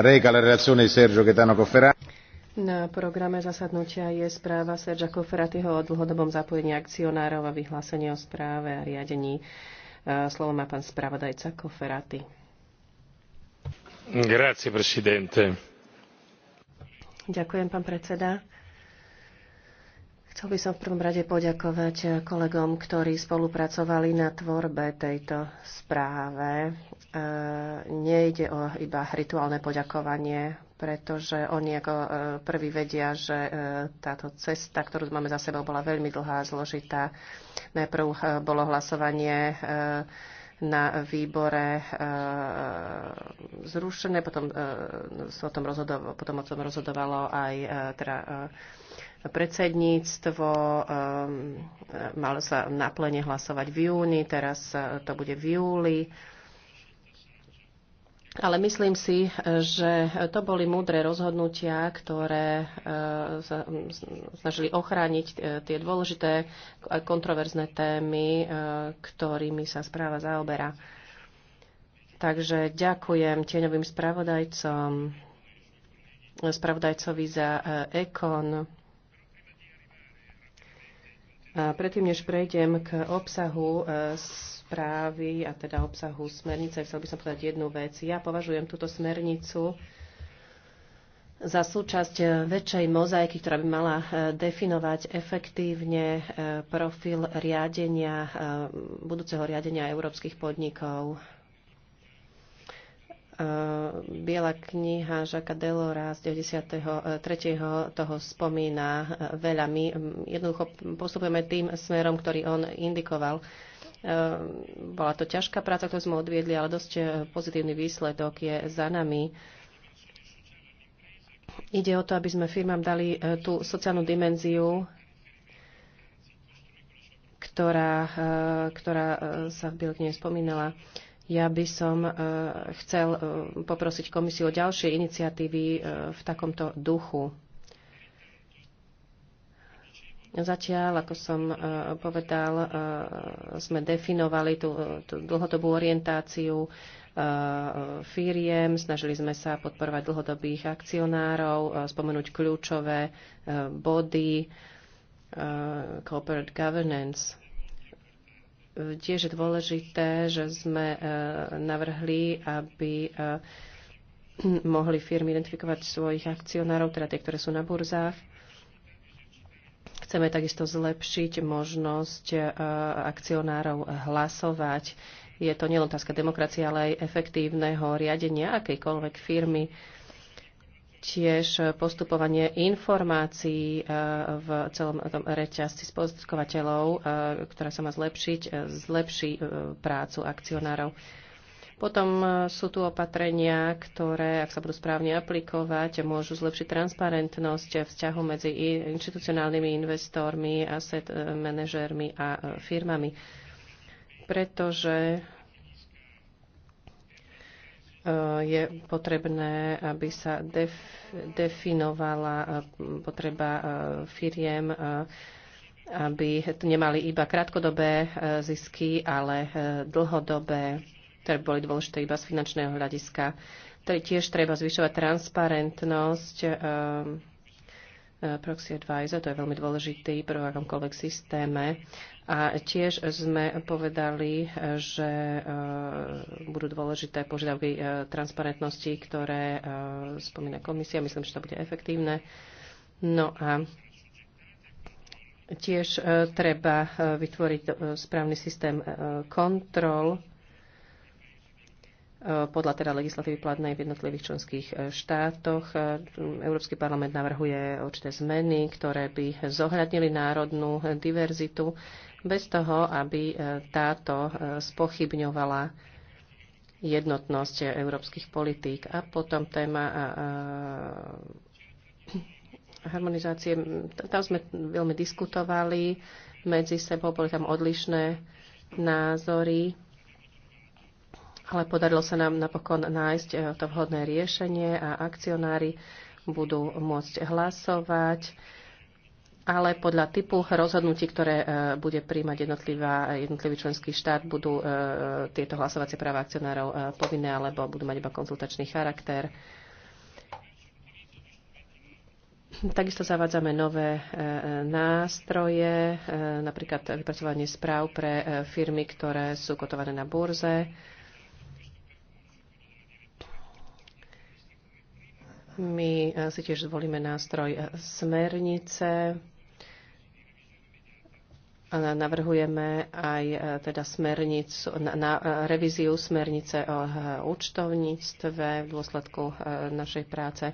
reca la relazione di Sergio Chetano Cofferati. Na programe zasadnutia je správa Sergia Koferatiho o dlhodobom zapojení akcionárov a vyhlásení o správe a riadení. E, slovo má pán spravodajca Koferati. Grazie, presidente. Ďakujem, pán predseda. Chcel by som v prvom rade poďakovať kolegom, ktorí spolupracovali na tvorbe tejto správe. E, nejde o iba rituálne poďakovanie, pretože oni ako e, prví vedia, že e, táto cesta, ktorú máme za sebou, bola veľmi dlhá a zložitá. Najprv bolo hlasovanie na výbore zrušené, potom, o tom potom o tom rozhodovalo aj teda, predsedníctvo. Ehm, e, malo sa na plene hlasovať v júni, teraz e, to bude v júli. Ale myslím si, že to boli múdre rozhodnutia, ktoré e, snažili ochrániť tie dôležité kontroverzné témy, ktorými sa správa zaoberá. Takže ďakujem tieňovým spravodajcom, spravodajcovi za Ekon, Predtým, než prejdem k obsahu e, správy a teda obsahu smernice, chcel by som povedať jednu vec. Ja považujem túto smernicu za súčasť väčšej mozaiky, ktorá by mala e, definovať efektívne e, profil riadenia, budúceho riadenia európskych podnikov. Eh, Biela kniha Žaka Delora z 93. toho spomína eh, veľa. My mm, jednoducho postupujeme tým smerom, ktorý on indikoval. Eh, bola to ťažká práca, ktorú sme odviedli, ale dosť pozitívny výsledok je za nami. Ide o to, aby sme firmám dali tú sociálnu dimenziu, ktorá, ktorá sa v Bielkne spomínala. Ja by som e, chcel e, poprosiť komisiu o ďalšie iniciatívy e, v takomto duchu. Zatiaľ, ako som povedal, sme definovali tú, tú dlhodobú orientáciu firiem, snažili sme sa podporovať dlhodobých akcionárov, spomenúť kľúčové body corporate governance tiež je dôležité, že sme e, navrhli, aby e, mohli firmy identifikovať svojich akcionárov, teda tie, ktoré sú na burzách. Chceme takisto zlepšiť možnosť e, akcionárov hlasovať. Je to nielen otázka demokracie, ale aj efektívneho riadenia akejkoľvek firmy tiež postupovanie informácií e, v celom tom reťazci spostkovateľov, e, ktorá sa má zlepšiť, e, zlepší prácu akcionárov. Potom sú tu opatrenia, ktoré, ak sa budú správne aplikovať, môžu zlepšiť transparentnosť vzťahu medzi inštitucionálnymi investormi, asset manažermi a firmami. Pretože je potrebné, aby sa def, definovala eh, potreba eh, firiem, eh, aby nemali iba krátkodobé zisky, ale dlhodobé, ktoré boli dôležité iba z finančného hľadiska. Tiež treba zvyšovať transparentnosť Proxy Advisor, to je veľmi dôležitý pro akomkoľvek systéme. A tiež sme povedali, že e, budú dôležité požiadavky e, transparentnosti, ktoré e, spomína komisia. Myslím, že to bude efektívne. No a tiež treba vytvoriť správny systém kontrol E, podľa teda legislatívy platnej v jednotlivých členských e, štátoch. E, Európsky parlament navrhuje určité zmeny, ktoré by zohľadnili národnú diverzitu bez toho, aby táto spochybňovala jednotnosť európskych politík. A potom téma harmonizácie. Tam sme veľmi diskutovali medzi sebou, boli tam odlišné názory ale podarilo sa nám napokon nájsť e, to vhodné riešenie a akcionári budú môcť hlasovať ale podľa typu rozhodnutí, ktoré e, bude príjmať jednotlivá, jednotlivý členský štát, budú e, tieto hlasovacie práva akcionárov povinné alebo budú mať iba konzultačný charakter. Takisto zavádzame nové nástroje, napríklad vypracovanie správ pre firmy, ktoré sú kotované na burze My eh, si tiež zvolíme nástroj eh, smernice. Navrhujeme aj eh, teda smernicu, na, na, revíziu smernice o účtovníctve v dôsledku našej práce.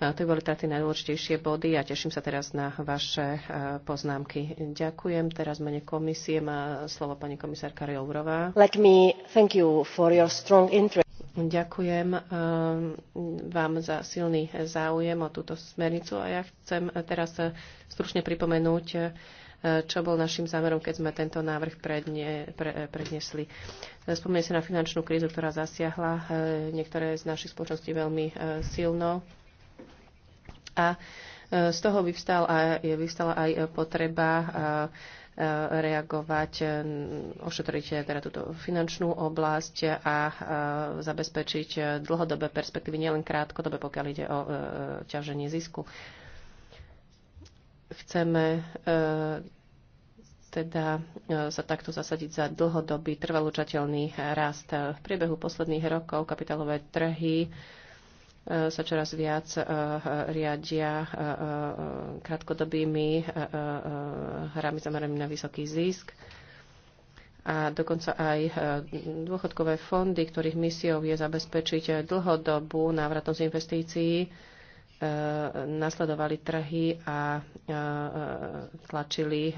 To boli teda tie najdôležitejšie body a teším sa teraz na vaše poznámky. Ďakujem. Teraz mene komisie má slovo pani komisárka Jourová. Let me thank you for your strong interest. Ďakujem eh, vám za silný záujem o túto smernicu a ja chcem teraz stručne pripomenúť, eh, čo bol našim zámerom, keď sme tento návrh predne, pre, prednesli. Spomenie sa na finančnú krízu, ktorá zasiahla eh, niektoré z našich spoločností veľmi silno. A z toho vyvstal aj, vyvstala aj potreba reagovať, ošetriť teda túto finančnú oblasť a e, zabezpečiť dlhodobé perspektívy, nielen krátkodobé, pokiaľ ide o e, ťaženie zisku. Chceme e, teda sa takto zasadiť za dlhodobý, trvalúčateľný rast. V priebehu posledných rokov kapitálové trhy sa čoraz viac eh, eh, riadia eh, krátkodobými hrami zameranými na vysoký zisk a dokonca aj dôchodkové fondy, ktorých misiou je zabezpečiť dlhodobú návratnosť investícií, nasledovali trhy a tlačili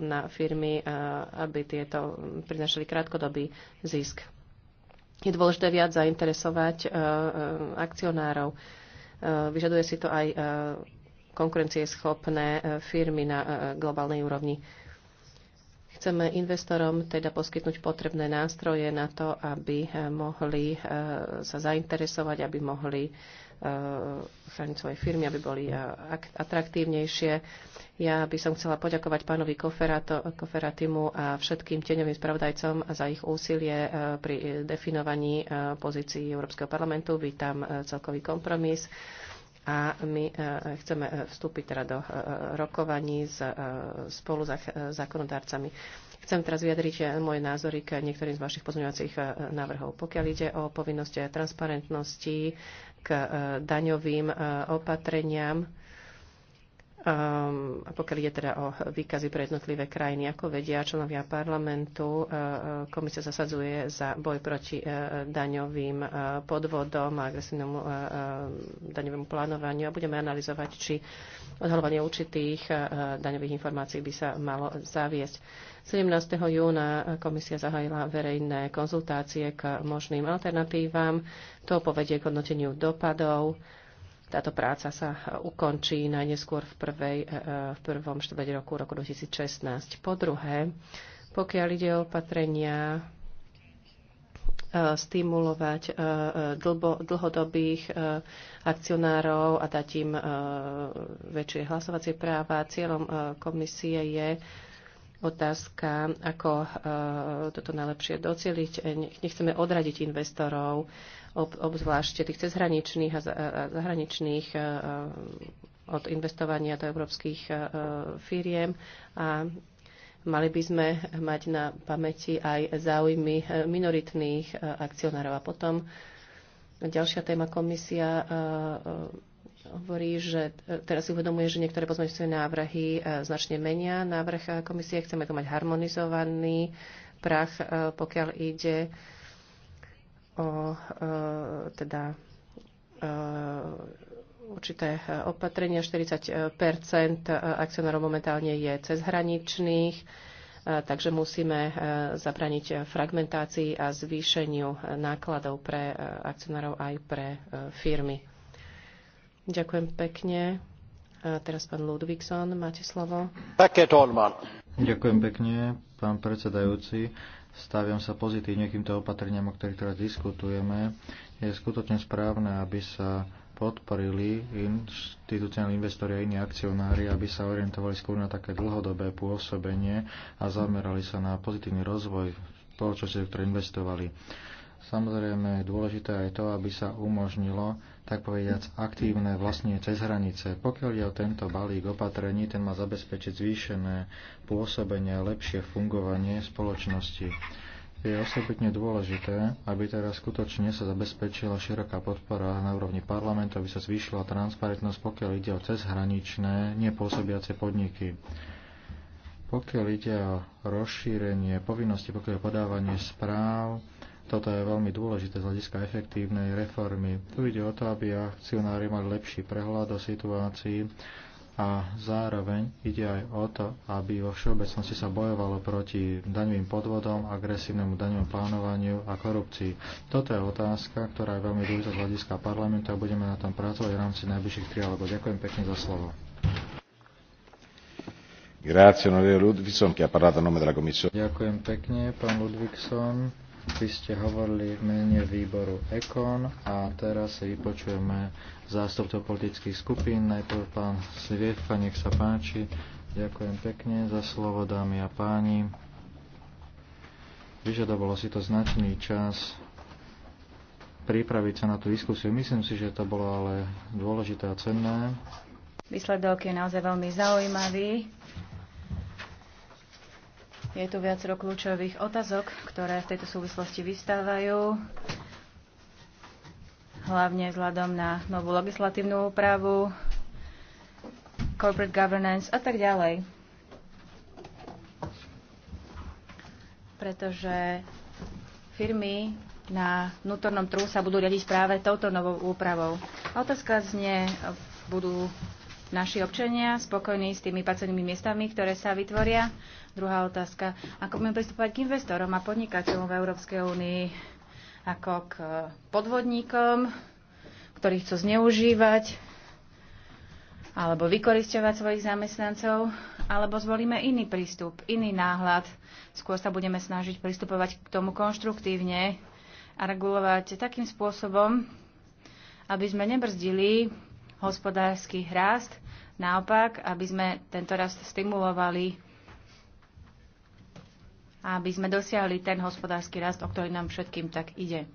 na firmy, aby tieto prinašali krátkodobý zisk je dôležité viac zainteresovať e, e, akcionárov. E, vyžaduje si to aj konkurencieschopné firmy na globálnej úrovni. Chceme investorom teda poskytnúť potrebné nástroje na to, aby eh, mohli eh, sa zainteresovať, aby mohli eh, chrániť svoje firmy, aby boli atraktívnejšie. Ja by som chcela poďakovať pánovi Koferatimu a všetkým tieňovým spravodajcom za ich úsilie pri definovaní pozícií Európskeho parlamentu. Vítam celkový kompromis a my e, chceme e, vstúpiť teda do e, rokovaní s spolu zákonodárcami. Chcem teraz vyjadriť moje názory k niektorým z vašich pozmeňovacích návrhov. Pokiaľ ide o povinnosť transparentnosti k daňovým opatreniam, Um, a pokiaľ ide teda o výkazy pre jednotlivé krajiny, ako vedia členovia parlamentu, uh, komisia zasadzuje za boj proti uh, daňovým uh, podvodom a agresívnemu uh, daňovému plánovaniu a budeme analyzovať, či odhalovanie určitých uh, daňových informácií by sa malo zaviesť. 17. júna komisia zahájila verejné konzultácie k možným alternatívam. To povedie k hodnoteniu dopadov táto práca sa ukončí najneskôr v, prvej, e, e, v prvom štvrť roku, roku 2016. Po druhé, pokiaľ ide o opatrenia e, stimulovať dlhodobých akcionárov a dať im väčšie hlasovacie práva. Cieľom komisie je otázka, ako toto najlepšie doceliť. Nechceme odradiť investorov ob, obzvlášť tých cezhraničných a zahraničných od investovania do európskych firiem a mali by sme mať na pamäti aj záujmy e, minoritných e, akcionárov. A potom ďalšia téma komisia e, hovorí, že teraz si uvedomuje, že niektoré pozmeňujúce návrhy značne menia návrh komisie. Chceme to mať harmonizovaný prach, pokiaľ ide o e, teda e, určité opatrenia. 40 akcionárov momentálne je cezhraničných, e, takže musíme zabraniť fragmentácii a zvýšeniu nákladov pre akcionárov aj pre firmy. Ďakujem pekne. A teraz pán Ludvíkson, máte slovo. Také, Ďakujem pekne, pán predsedajúci. Staviam sa pozitívne k týmto opatreniam, o ktorých teraz diskutujeme. Je skutočne správne, aby sa podporili inštitúciálni investori a iní akcionári, aby sa orientovali skôr na také dlhodobé pôsobenie a zamerali sa na pozitívny rozvoj spoločnosti, ktoré investovali. Samozrejme, dôležité je to, aby sa umožnilo tak povediac, aktívne vlastne cez hranice. Pokiaľ je o tento balík opatrení, ten má zabezpečiť zvýšené pôsobenie a lepšie fungovanie spoločnosti. Je osobitne dôležité, aby teraz skutočne sa zabezpečila široká podpora na úrovni parlamentu, aby sa zvýšila transparentnosť, pokiaľ ide o cezhraničné, nepôsobiace podniky. Pokiaľ ide o rozšírenie povinnosti, pokiaľ o podávanie správ, toto je veľmi dôležité z hľadiska efektívnej reformy. Tu ide o to, aby akcionári mali lepší prehľad o situácii a zároveň ide aj o to, aby vo všeobecnosti sa bojovalo proti daňovým podvodom, agresívnemu daňovému plánovaniu a korupcii. Toto je otázka, ktorá je veľmi dôležitá z hľadiska parlamentu a budeme na tom pracovať v rámci najbližších trialogov. Ďakujem pekne za slovo. Grazie, Ludvigson, che ha parlato a nome della Commissione. Ďakujem pekne, pán Ludvigson. Vy ste hovorili v mene výboru EKON a teraz si vypočujeme zástupcov politických skupín. Najprv pán Sviefa, nech sa páči. Ďakujem pekne za slovo, dámy a páni. Vyžadovalo si to značný čas pripraviť sa na tú diskusiu. Myslím si, že to bolo ale dôležité a cenné. Výsledok je naozaj veľmi zaujímavý je tu viacero kľúčových otázok, ktoré v tejto súvislosti vystávajú, hlavne vzhľadom na novú legislatívnu úpravu, corporate governance a tak ďalej. Pretože firmy na vnútornom trhu sa budú riadiť práve touto novou úpravou. otázka znie, budú naši občania spokojní s tými pracovnými miestami, ktoré sa vytvoria? Druhá otázka. Ako budeme pristúpať k investorom a podnikateľom v Európskej únii? Ako k eh, podvodníkom, ktorí chcú zneužívať alebo vykoristovať svojich zamestnancov, alebo zvolíme iný prístup, iný náhľad. Skôr sa budeme snažiť pristupovať k tomu konštruktívne a regulovať takým spôsobom, aby sme nebrzdili hospodársky rast, naopak, aby sme tento rast stimulovali, aby sme dosiahli ten hospodársky rast, o ktorý nám všetkým tak ide.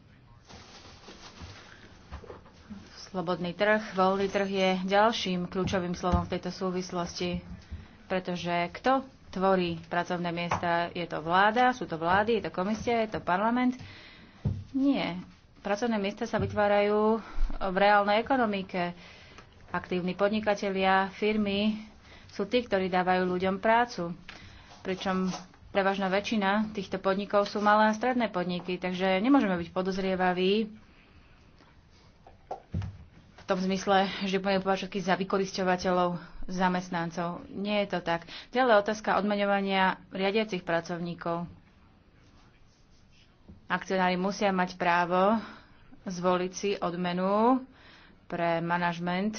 Slobodný trh, voľný trh je ďalším kľúčovým slovom v tejto súvislosti, pretože kto tvorí pracovné miesta? Je to vláda, sú to vlády, je to komisia, je to parlament? Nie. Pracovné miesta sa vytvárajú v reálnej ekonomike Aktívni podnikatelia, firmy sú tí, ktorí dávajú ľuďom prácu. Pričom prevažná väčšina týchto podnikov sú malé a stredné podniky, takže nemôžeme byť podozrievaví v tom zmysle, že budeme považovať za vykoristovateľov zamestnancov. Nie je to tak. Ďalej otázka odmeňovania riadiacich pracovníkov. Akcionári musia mať právo zvoliť si odmenu pre manažment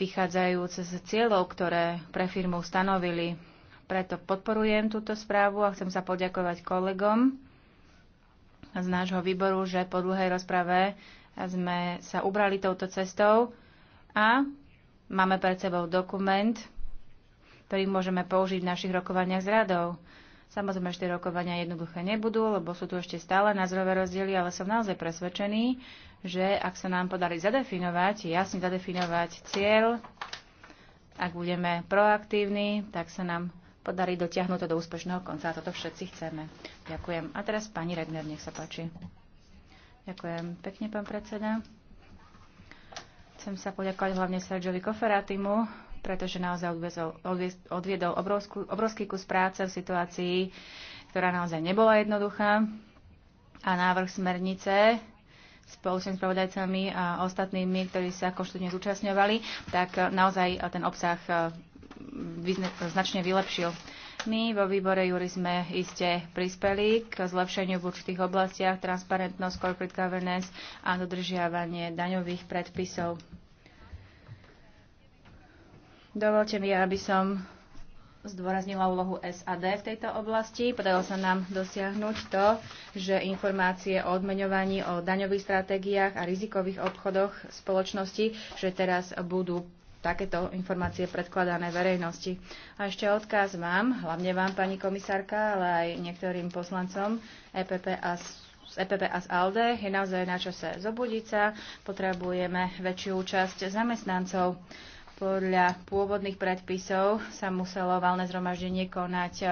vychádzajúce z cieľov, ktoré pre firmu stanovili. Preto podporujem túto správu a chcem sa poďakovať kolegom z nášho výboru, že po dlhej rozprave sme sa ubrali touto cestou a máme pred sebou dokument, ktorý môžeme použiť v našich rokovaniach s radou. Samozrejme, že rokovania jednoduché nebudú, lebo sú tu ešte stále názorové rozdiely, ale som naozaj presvedčený, že ak sa nám podarí zadefinovať, jasne zadefinovať cieľ, ak budeme proaktívni, tak sa nám podarí dotiahnuť to do úspešného konca a toto všetci chceme. Ďakujem. A teraz pani Regner, nech sa páči. Ďakujem pekne, pán predseda. Chcem sa poďakovať hlavne Sergiovi Koferatimu, pretože naozaj odviezol, odviedol obrovskú, obrovský kus práce v situácii, ktorá naozaj nebola jednoduchá. A návrh smernice spolu s spravodajcami a ostatnými, ktorí sa študne zúčastňovali, tak naozaj ten obsah eh, značne vylepšil. My vo výbore Júri sme iste prispeli k zlepšeniu v určitých oblastiach transparentnosť, corporate governance a dodržiavanie daňových predpisov. Dovolte mi, aby som zdôraznila úlohu SAD v tejto oblasti. Podarilo sa nám dosiahnuť to, že informácie o odmeňovaní, o daňových stratégiách a rizikových obchodoch spoločnosti, že teraz budú takéto informácie predkladané verejnosti. A ešte odkaz vám, hlavne vám, pani komisárka, ale aj niektorým poslancom EPP e a z EPP a z ALDE je naozaj na čase zobudiť sa. Potrebujeme väčšiu účasť zamestnancov. Podľa pôvodných predpisov sa muselo valné zhromaždenie konať e, e,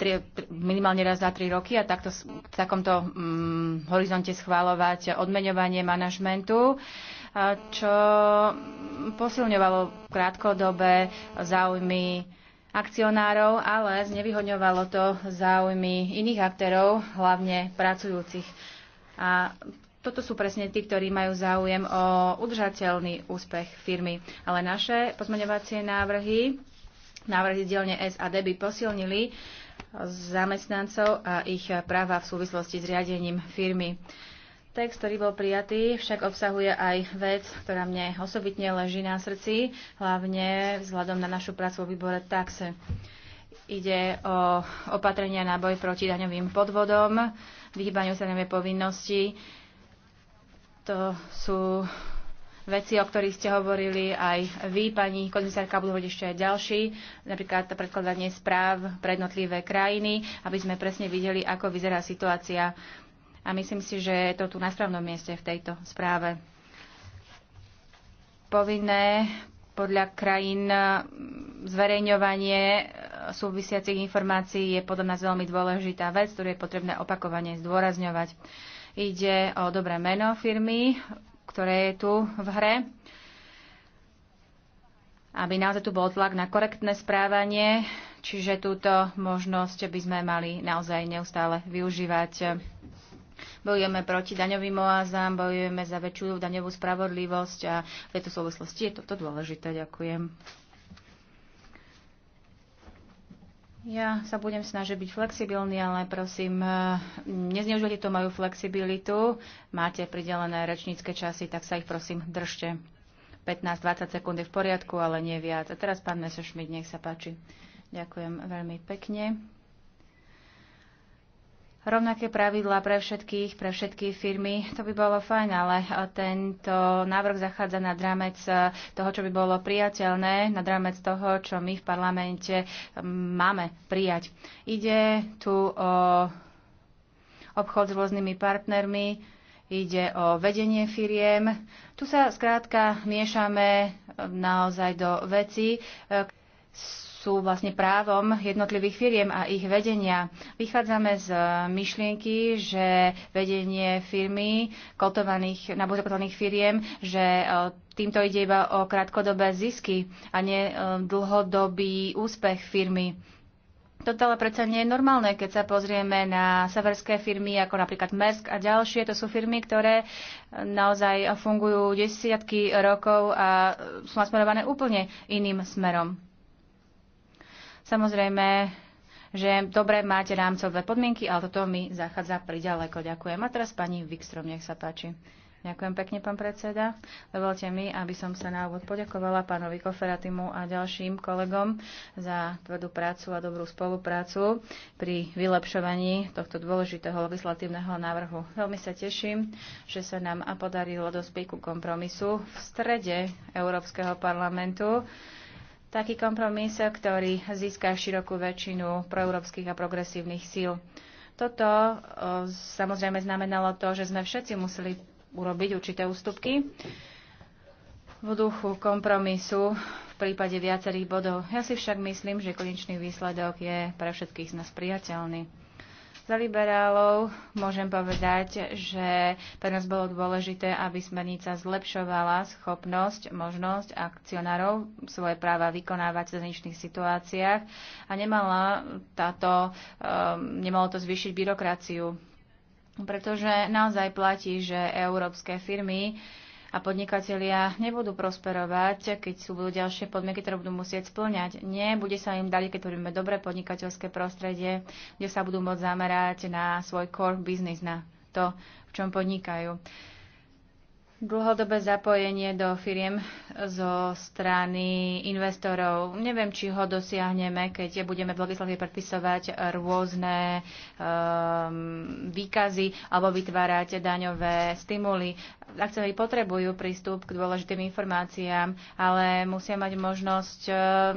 tri, minimálne raz za tri roky a takto, v takomto um, horizonte schváľovať odmeňovanie manažmentu e, čo posilňovalo krátkodobé záujmy akcionárov, ale znevyhodňovalo to záujmy iných aktérov, hlavne pracujúcich. A toto sú presne tí, ktorí majú záujem o udržateľný úspech firmy. Ale naše pozmeňovacie návrhy, návrhy z dielne D by posilnili zamestnancov a ich práva v súvislosti s riadením firmy. Text, ktorý bol prijatý, však obsahuje aj vec, ktorá mne osobitne leží na srdci, hlavne vzhľadom na našu prácu vo výbore taxe. Ide o opatrenia na boj proti daňovým podvodom, vyhýbaniu sa daňovej povinnosti, to sú veci, o ktorých ste hovorili aj vy, pani komisárka, budú ešte aj ďalší, napríklad to predkladanie správ pre jednotlivé krajiny, aby sme presne videli, ako vyzerá situácia. A myslím si, že je to tu na správnom mieste v tejto správe. Povinné podľa krajín zverejňovanie súvisiacich informácií je podľa nás veľmi dôležitá vec, ktorú je potrebné opakovane zdôrazňovať. Ide o dobré meno firmy, ktoré je tu v hre aby naozaj tu bol tlak na korektné správanie, čiže túto možnosť by sme mali naozaj neustále využívať. Bojujeme proti daňovým oázám, bojujeme za väčšiu daňovú spravodlivosť a v tejto súvislosti je toto dôležité. Ďakujem. Ja sa budem snažiť byť flexibilný, ale prosím, eh, nezneužite to moju flexibilitu. Máte pridelené rečnícke časy, tak sa ich prosím držte. 15-20 sekúnd je v poriadku, ale nie viac. A teraz pán Messerschmidt, nech sa páči. Ďakujem veľmi pekne rovnaké pravidlá pre všetkých, pre všetky firmy, to by bolo fajn, ale eh, tento návrh zachádza na dramec eh, toho, čo by bolo priateľné, na dramec toho, čo my v parlamente mm, máme prijať. Ide tu o obchod s rôznymi partnermi, ide o vedenie firiem. Tu sa skrátka miešame eh, naozaj do veci sú vlastne právom jednotlivých firiem a ich vedenia. Vychádzame z myšlienky, že vedenie firmy, kotovaných, nabúzakotovaných firiem, že e, týmto ide iba o krátkodobé zisky a nie e, dlhodobý úspech firmy. Toto ale predsa nie je normálne, keď sa pozrieme na severské firmy, ako napríklad Mersk a ďalšie. To sú firmy, ktoré e, naozaj fungujú desiatky rokov a sú nasmerované úplne iným smerom. Samozrejme, že dobre máte rámcové podmienky, ale toto mi zachádza priďaleko. Ďakujem. A teraz pani Wikstrom, nech sa páči. Ďakujem pekne, pán predseda. Dovolte mi, aby som sa na úvod poďakovala pánovi Koferatimu a ďalším kolegom za tvrdú prácu a dobrú spoluprácu pri vylepšovaní tohto dôležitého legislatívneho návrhu. Veľmi sa teším, že sa nám podarilo dospieť ku kompromisu v strede Európskeho parlamentu taký kompromis, ktorý získa širokú väčšinu proeurópskych a progresívnych síl. Toto samozrejme znamenalo to, že sme všetci museli urobiť určité ústupky v duchu kompromisu v prípade viacerých bodov. Ja si však myslím, že konečný výsledok je pre všetkých z nás priateľný. Za liberálov môžem povedať, že pre nás bolo dôležité, aby smernica zlepšovala schopnosť, možnosť akcionárov svoje práva vykonávať v zničných situáciách a nemala táto, um, nemalo to zvýšiť byrokraciu pretože naozaj platí, že európske firmy a podnikatelia nebudú prosperovať, keď sú budú ďalšie podmienky, ktoré budú musieť splňať. Nie, bude sa im dali, keď budeme dobré podnikateľské prostredie, kde sa budú môcť zamerať na svoj core business, na to, v čom podnikajú. Dlhodobé zapojenie do firiem zo strany investorov. Neviem, či ho dosiahneme, keď budeme v legislatíve predpisovať rôzne um, výkazy alebo vytvárať daňové stimuly akcionári potrebujú prístup k dôležitým informáciám, ale musia mať možnosť e,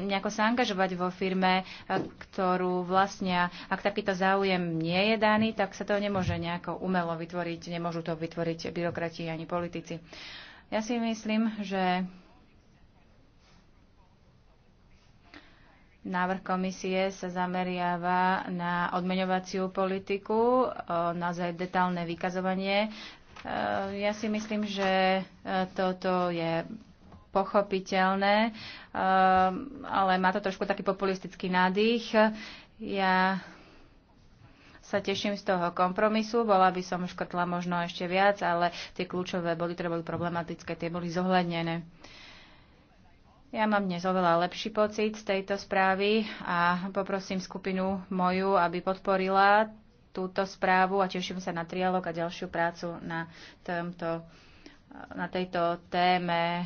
nejako sa angažovať vo firme, e, ktorú vlastnia. Ak takýto záujem nie je daný, tak sa to nemôže nejako umelo vytvoriť, nemôžu to vytvoriť byrokrati ani politici. Ja si myslím, že Návrh komisie sa zameriava na odmeňovaciu politiku, e, naozaj detálne vykazovanie Eh, ja si myslím, že eh, toto je pochopiteľné, eh, ale má to trošku taký populistický nádych. Ja sa teším z toho kompromisu. Bola by som škrtla možno ešte viac, ale tie kľúčové boli, ktoré boli problematické, tie boli zohľadnené. Ja mám dnes oveľa lepší pocit z tejto správy a poprosím skupinu moju, aby podporila túto správu a teším sa na trialog a ďalšiu prácu na tomto na tejto téme. E,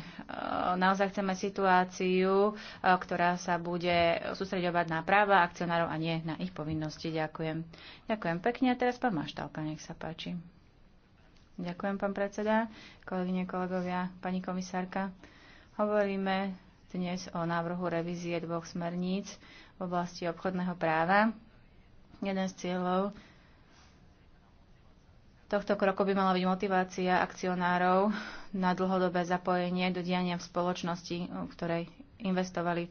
naozaj chceme situáciu, e, ktorá sa bude sústreďovať na práva akcionárov a nie na ich povinnosti. Ďakujem. Ďakujem pekne. A teraz pán Maštálka, nech sa páči. Ďakujem, pán predseda, kolegyne, kolegovia, pani komisárka. Hovoríme dnes o návrhu revízie dvoch smerníc v oblasti obchodného práva. Jeden z cieľov tohto kroku by mala byť motivácia akcionárov na dlhodobé zapojenie do diania v spoločnosti, v ktorej investovali.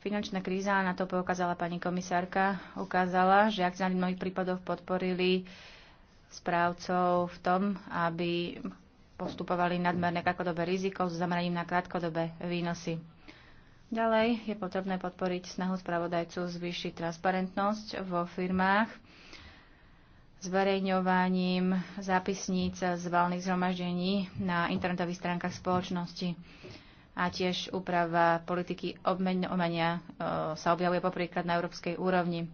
Finančná kríza, na to poukázala pani komisárka, ukázala, že akcionári v mnohých prípadoch podporili správcov v tom, aby postupovali nadmerné krátkodobé riziko s zameraním na krátkodobé výnosy. Ďalej je potrebné podporiť snahu spravodajcu zvýšiť transparentnosť vo firmách zverejňovaním zápisníc z valných zhromaždení na internetových stránkach spoločnosti a tiež úprava politiky obmenia e, sa objavuje popríklad na európskej úrovni.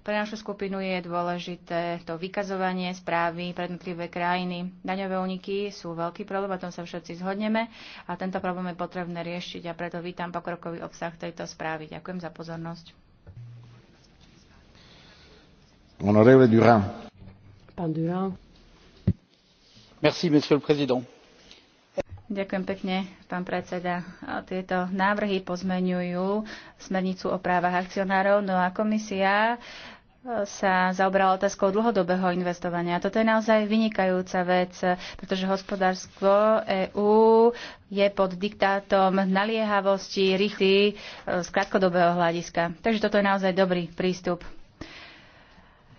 Pre našu skupinu je dôležité to vykazovanie správy pre jednotlivé krajiny. Daňové úniky sú veľký problém, o tom sa všetci zhodneme a tento problém je potrebné riešiť a preto vítam pokrokový obsah tejto správy. Ďakujem za pozornosť. Durand. Ďakujem pekne, pán predseda. Tieto návrhy pozmeňujú smernicu o právach akcionárov, no a komisia e, sa zaoberala otázkou dlhodobého investovania. Toto je naozaj vynikajúca vec, pretože hospodárstvo EÚ je pod diktátom naliehavosti, rýchly e, z krátkodobého hľadiska. Takže toto je naozaj dobrý prístup.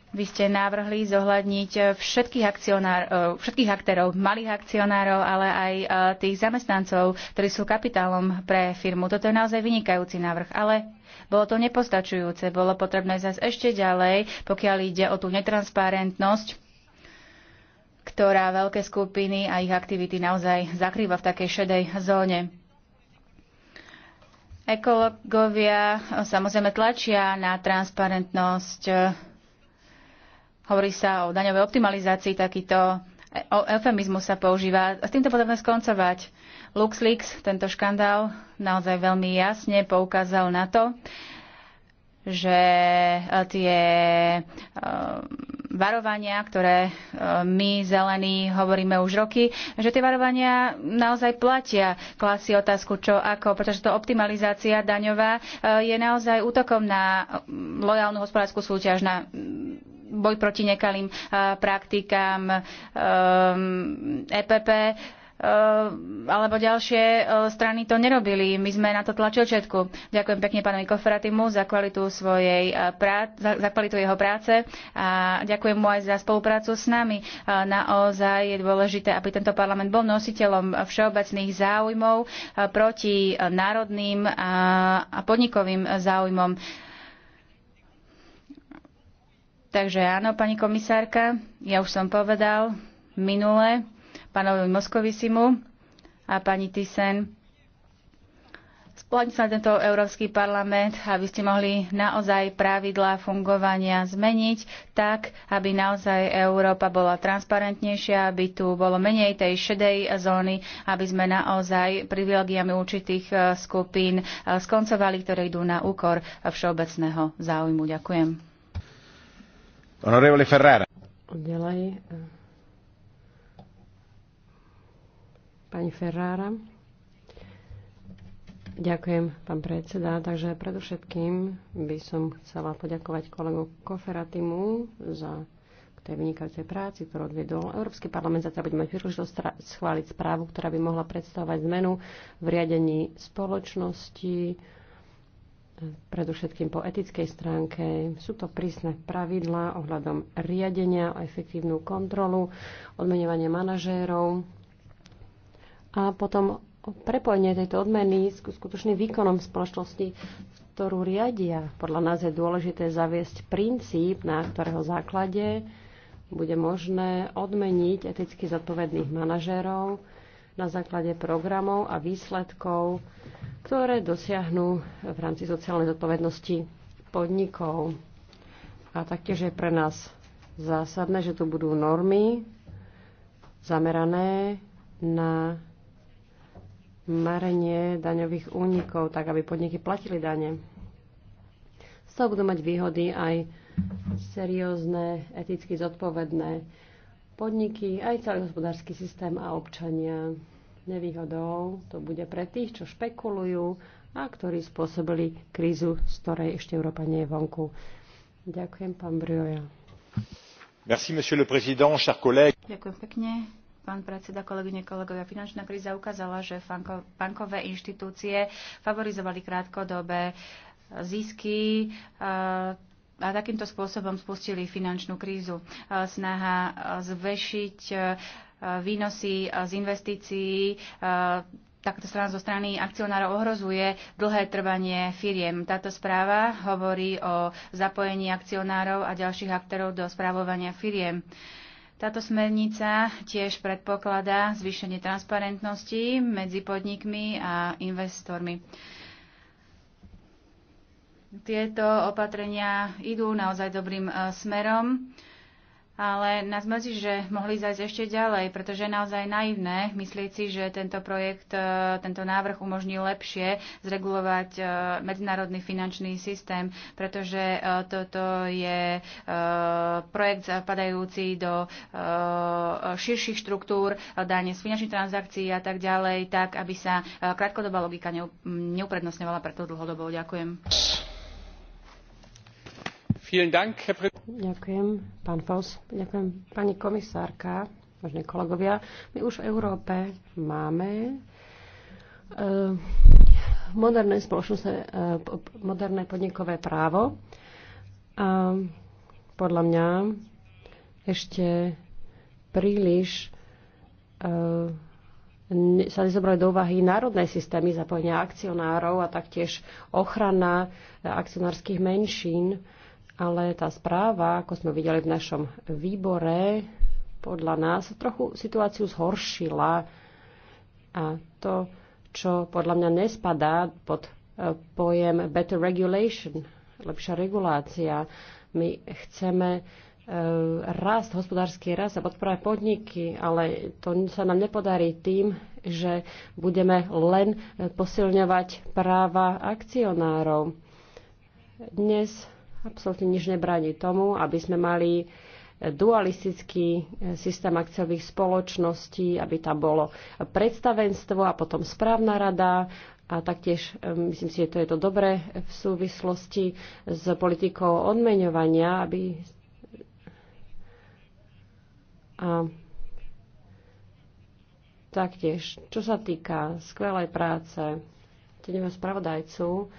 Vy ste navrhli zohľadniť eh, všetkých, akcionár, eh, všetkých aktérov, malých akcionárov, ale aj eh, tých zamestnancov, ktorí sú kapitálom pre firmu. Toto je naozaj vynikajúci návrh, ale bolo to nepostačujúce. Bolo potrebné zase ešte ďalej, pokiaľ ide o tú netransparentnosť, ktorá veľké skupiny a ich aktivity naozaj zakrýva v takej šedej zóne. Ekológovia samozrejme tlačia na transparentnosť Hovorí sa o daňovej optimalizácii, takýto eufemizmus sa používa. a S týmto potrebné skoncovať. LuxLeaks, tento škandál, naozaj veľmi jasne poukázal na to, že e, tie e, varovania, ktoré e, my, zelení, hovoríme už roky, že tie varovania naozaj platia. Klasi otázku, čo ako, pretože to optimalizácia daňová je naozaj útokom na lojálnu hospodárskú súťaž, na boj proti nekalým e, praktikám EPP e e, alebo ďalšie strany to nerobili. My sme na to všetku. Ďakujem pekne pánovi Koferatimu za kvalitu, svojej práce, za kvalitu jeho práce a ďakujem mu aj za spoluprácu s nami. Naozaj je dôležité, aby tento parlament bol nositeľom všeobecných záujmov proti národným a podnikovým záujmom Takže áno, pani komisárka, ja už som povedal minule pánovi Moskovisimu a pani Tysen, Spolaňte sa na tento Európsky parlament, aby ste mohli naozaj pravidlá fungovania zmeniť tak, aby naozaj Európa bola transparentnejšia, aby tu bolo menej tej šedej zóny, aby sme naozaj privilegiami určitých eh, skupín eh, skoncovali, ktoré idú na úkor všeobecného záujmu. Ďakujem. Ferrara. Eh, pani Ferrara. Ďakujem, pán predseda. Takže predovšetkým by som chcela poďakovať kolegu Koferatimu za k tej vynikajúcej práci, ktorú odviedol. Európsky parlament zatiaľ bude mať príležitosť schváliť správu, ktorá by mohla predstavovať zmenu v riadení spoločnosti, predovšetkým po etickej stránke. Sú to prísne pravidlá ohľadom riadenia a efektívnu kontrolu, odmenovanie manažérov a potom prepojenie tejto odmeny s skutočným výkonom spoločnosti, ktorú riadia. Podľa nás je dôležité zaviesť princíp, na ktorého základe bude možné odmeniť eticky zodpovedných manažérov na základe programov a výsledkov, ktoré dosiahnu v rámci sociálnej zodpovednosti podnikov. A taktiež je pre nás zásadné, že tu budú normy zamerané na marenie daňových únikov, tak aby podniky platili dane. Z toho budú mať výhody aj seriózne, eticky zodpovedné podniky, aj celý hospodársky systém a občania. Nevýhodou to bude pre tých, čo špekulujú a ktorí spôsobili krízu, z ktorej ešte Európa nie je vonku. Ďakujem, pán Brioja. Merci, monsieur le président, chers collègues. Ďakujem pekne, pán predseda, kolegyne, kolegovia, finančná kríza ukázala, že fanko, bankové inštitúcie favorizovali krátkodobé zisky. E, a takýmto spôsobom spustili finančnú krízu. Snaha zväšiť výnosy z investícií takto strana zo strany akcionárov ohrozuje dlhé trvanie firiem. Táto správa hovorí o zapojení akcionárov a ďalších aktérov do správovania firiem. Táto smernica tiež predpokladá zvýšenie transparentnosti medzi podnikmi a investormi. Tieto opatrenia idú naozaj dobrým e, smerom, ale nás mrzí, že mohli zajsť ešte ďalej, pretože je naozaj naivné myslieť si, že tento projekt, e, tento návrh umožní lepšie zregulovať e, medzinárodný finančný systém, pretože toto je projekt zapadajúci do širších štruktúr, dáne z finančných transakcií a tak ďalej, tak aby sa krátkodobá logika neuprednostňovala pre to dlhodobou. Ďakujem. Ďakujem, pán Fos. Ďakujem, pani komisárka, vážení kolegovia. My už v Európe máme eh, moderné eh, moderné podnikové právo. A podľa mňa ešte príliš eh, sa nezobrali do úvahy národné systémy zapojenia akcionárov a taktiež ochrana akcionárskych menšín ale tá správa, ako sme videli v našom výbore, podľa nás trochu situáciu zhoršila a to, čo podľa mňa nespadá pod e, pojem better regulation, lepšia regulácia. My chceme e, rast, hospodársky rast a podporovať podniky, ale to sa nám nepodarí tým, že budeme len posilňovať práva akcionárov. Dnes absolútne nič nebráni tomu, aby sme mali e, dualistický e, systém akciových spoločností, aby tam bolo predstavenstvo a potom správna rada. A taktiež e, myslím si, že to je to dobré v súvislosti s politikou odmeňovania, aby a taktiež, čo sa týka skvelej práce teného spravodajcu,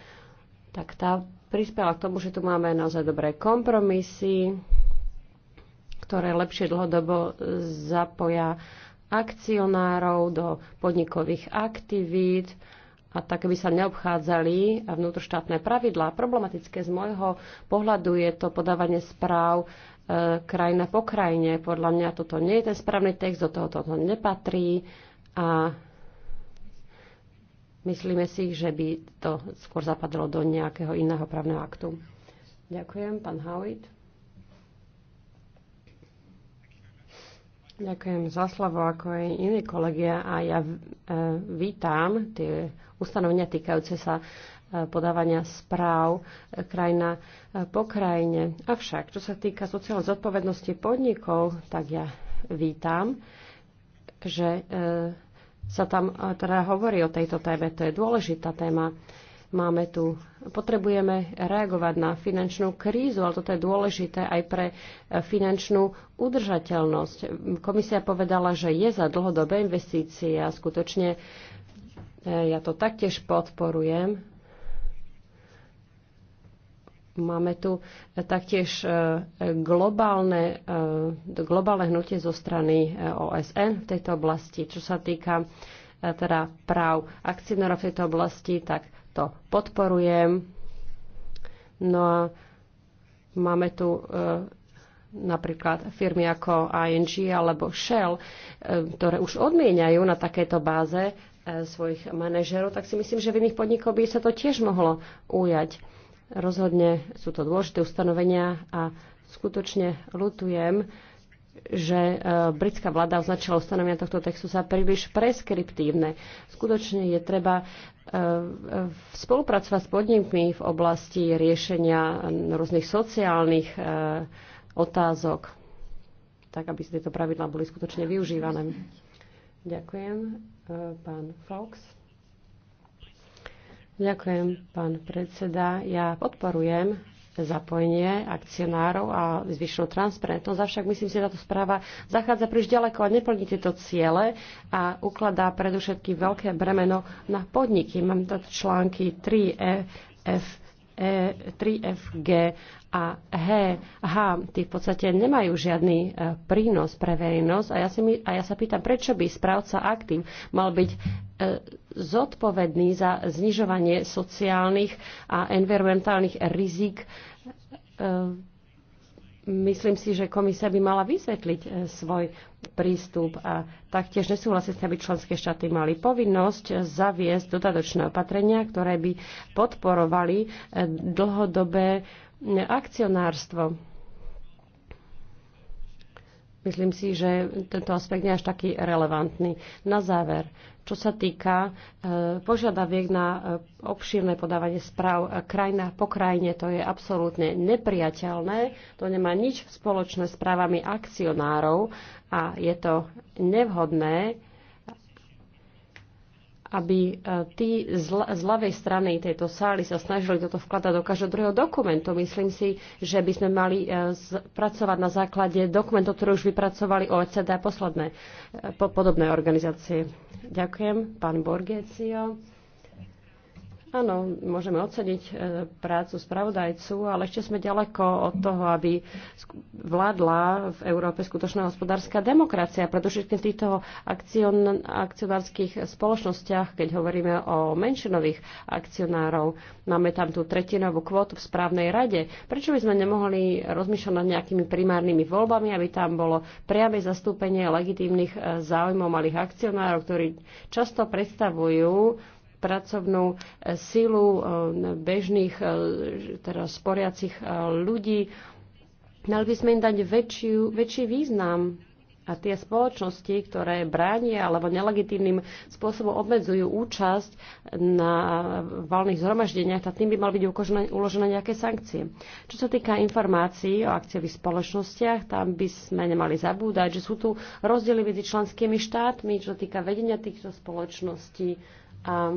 tak tá prispela k tomu, že tu máme naozaj dobré kompromisy, ktoré lepšie dlhodobo zapoja akcionárov do podnikových aktivít a tak by sa neobchádzali vnútroštátne pravidlá. Problematické z môjho pohľadu je to podávanie správ e, krajina po krajine. Podľa mňa toto nie je ten správny text, do toho toto nepatrí a Myslíme si, že by to skôr zapadlo do nejakého iného právneho aktu. Ďakujem, pán Howitt. Ďakujem za slovo, ako aj iní kolegia. A ja e, vítam tie ustanovenia týkajúce sa e, podávania správ e, krajina po krajine. Avšak, čo sa týka sociálnej zodpovednosti podnikov, tak ja vítam, že sa tam e, teda hovorí o tejto téme. To je dôležitá téma. Máme tu, potrebujeme reagovať na finančnú krízu, ale toto je dôležité aj pre e, finančnú udržateľnosť. Komisia povedala, že je za dlhodobé investície a skutočne e, ja to taktiež podporujem, Máme tu e, taktiež e, globálne, e, globálne hnutie zo strany OSN v tejto oblasti. Čo sa týka teda práv akcionárov v tejto oblasti, tak to podporujem. No a máme tu napríklad firmy ako ING alebo Shell, ktoré už odmieniajú na takejto báze svojich manažerov, tak si myslím, že v iných podnikoch by sa to tiež mohlo ujať. Rozhodne sú to dôležité ustanovenia a skutočne lutujem, že e, britská vláda označila ustanovenia tohto textu za príliš preskriptívne. Skutočne je treba e, e, spolupracovať s podnikmi v oblasti riešenia rôznych sociálnych otázok, tak aby tieto pravidlá boli skutočne využívané. Ďakujem. Pán Fox. Ďakujem, pán predseda. Ja podporujem zapojenie akcionárov a zvyšnú transparentnosť. Avšak myslím si, že táto správa zachádza príliš ďaleko a neplní tieto ciele a ukladá predovšetkým veľké bremeno na podniky. Mám tu články 3F, e F, E, 3FG a H, H, tí v podstate nemajú žiadny e, prínos pre verejnosť a ja, si my, a ja sa pýtam, prečo by správca aktív mal byť e, zodpovedný za znižovanie sociálnych a environmentálnych rizik. E, myslím si, že komisia by mala vysvetliť e, svoj prístup a taktiež nesúhlasiť, aby členské štáty mali povinnosť zaviesť dodatočné opatrenia, ktoré by podporovali e, dlhodobé akcionárstvo Myslím si, že tento aspekt nie je až taký relevantný. Na záver, čo sa týka e, požiadaviek na e, obšírne podávanie správ e, krajina po krajine, to je absolútne nepriateľné. To nemá nič spoločné s právami akcionárov a je to nevhodné aby e, tí z ľavej strany tejto sály sa snažili toto vkladať do každého druhého dokumentu. Myslím si, že by sme mali e, pracovať na základe dokumentov, ktoré už vypracovali OECD a posledné e, podobné organizácie. Ďakujem, pán Borgecio. Áno, môžeme oceniť e, prácu spravodajcu, ale ešte sme ďaleko od toho, aby vládla v Európe skutočná hospodárska demokracia, pretože v týchto akcion, akcionárskych spoločnostiach, keď hovoríme o menšinových akcionárov, máme tam tú tretinovú kvotu v správnej rade. Prečo by sme nemohli rozmýšľať nad nejakými primárnymi voľbami, aby tam bolo priame zastúpenie legitímnych e, záujmov malých akcionárov, ktorí často predstavujú pracovnú e, silu e, bežných e, teda sporiacich ľudí. Mali by sme im dať väčšiu, väčší význam a tie spoločnosti, ktoré bránia alebo nelegitímnym spôsobom obmedzujú účasť na valných zhromaždeniach, tak tým by mali byť uložené, uložené nejaké sankcie. Čo sa týka informácií o akciových spoločnostiach, tam by sme nemali zabúdať, že sú tu rozdiely medzi členskými štátmi, čo sa týka vedenia týchto spoločností a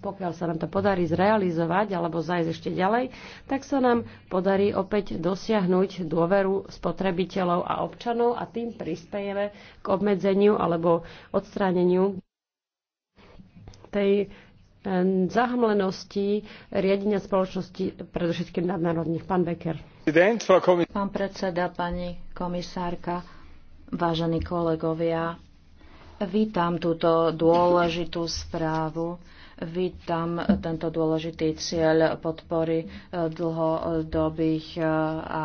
pokiaľ sa nám to podarí zrealizovať alebo zajsť ešte ďalej, tak sa nám podarí opäť dosiahnuť dôveru spotrebiteľov a občanov a tým prispejeme k obmedzeniu alebo odstráneniu tej eh, zahmlenosti riadenia spoločnosti, predovšetkým nadnárodných. Pán Becker. Pán predseda, pani komisárka, vážení kolegovia, Vítam túto dôležitú správu. Vítam tento dôležitý cieľ podpory eh, dlhodobých eh,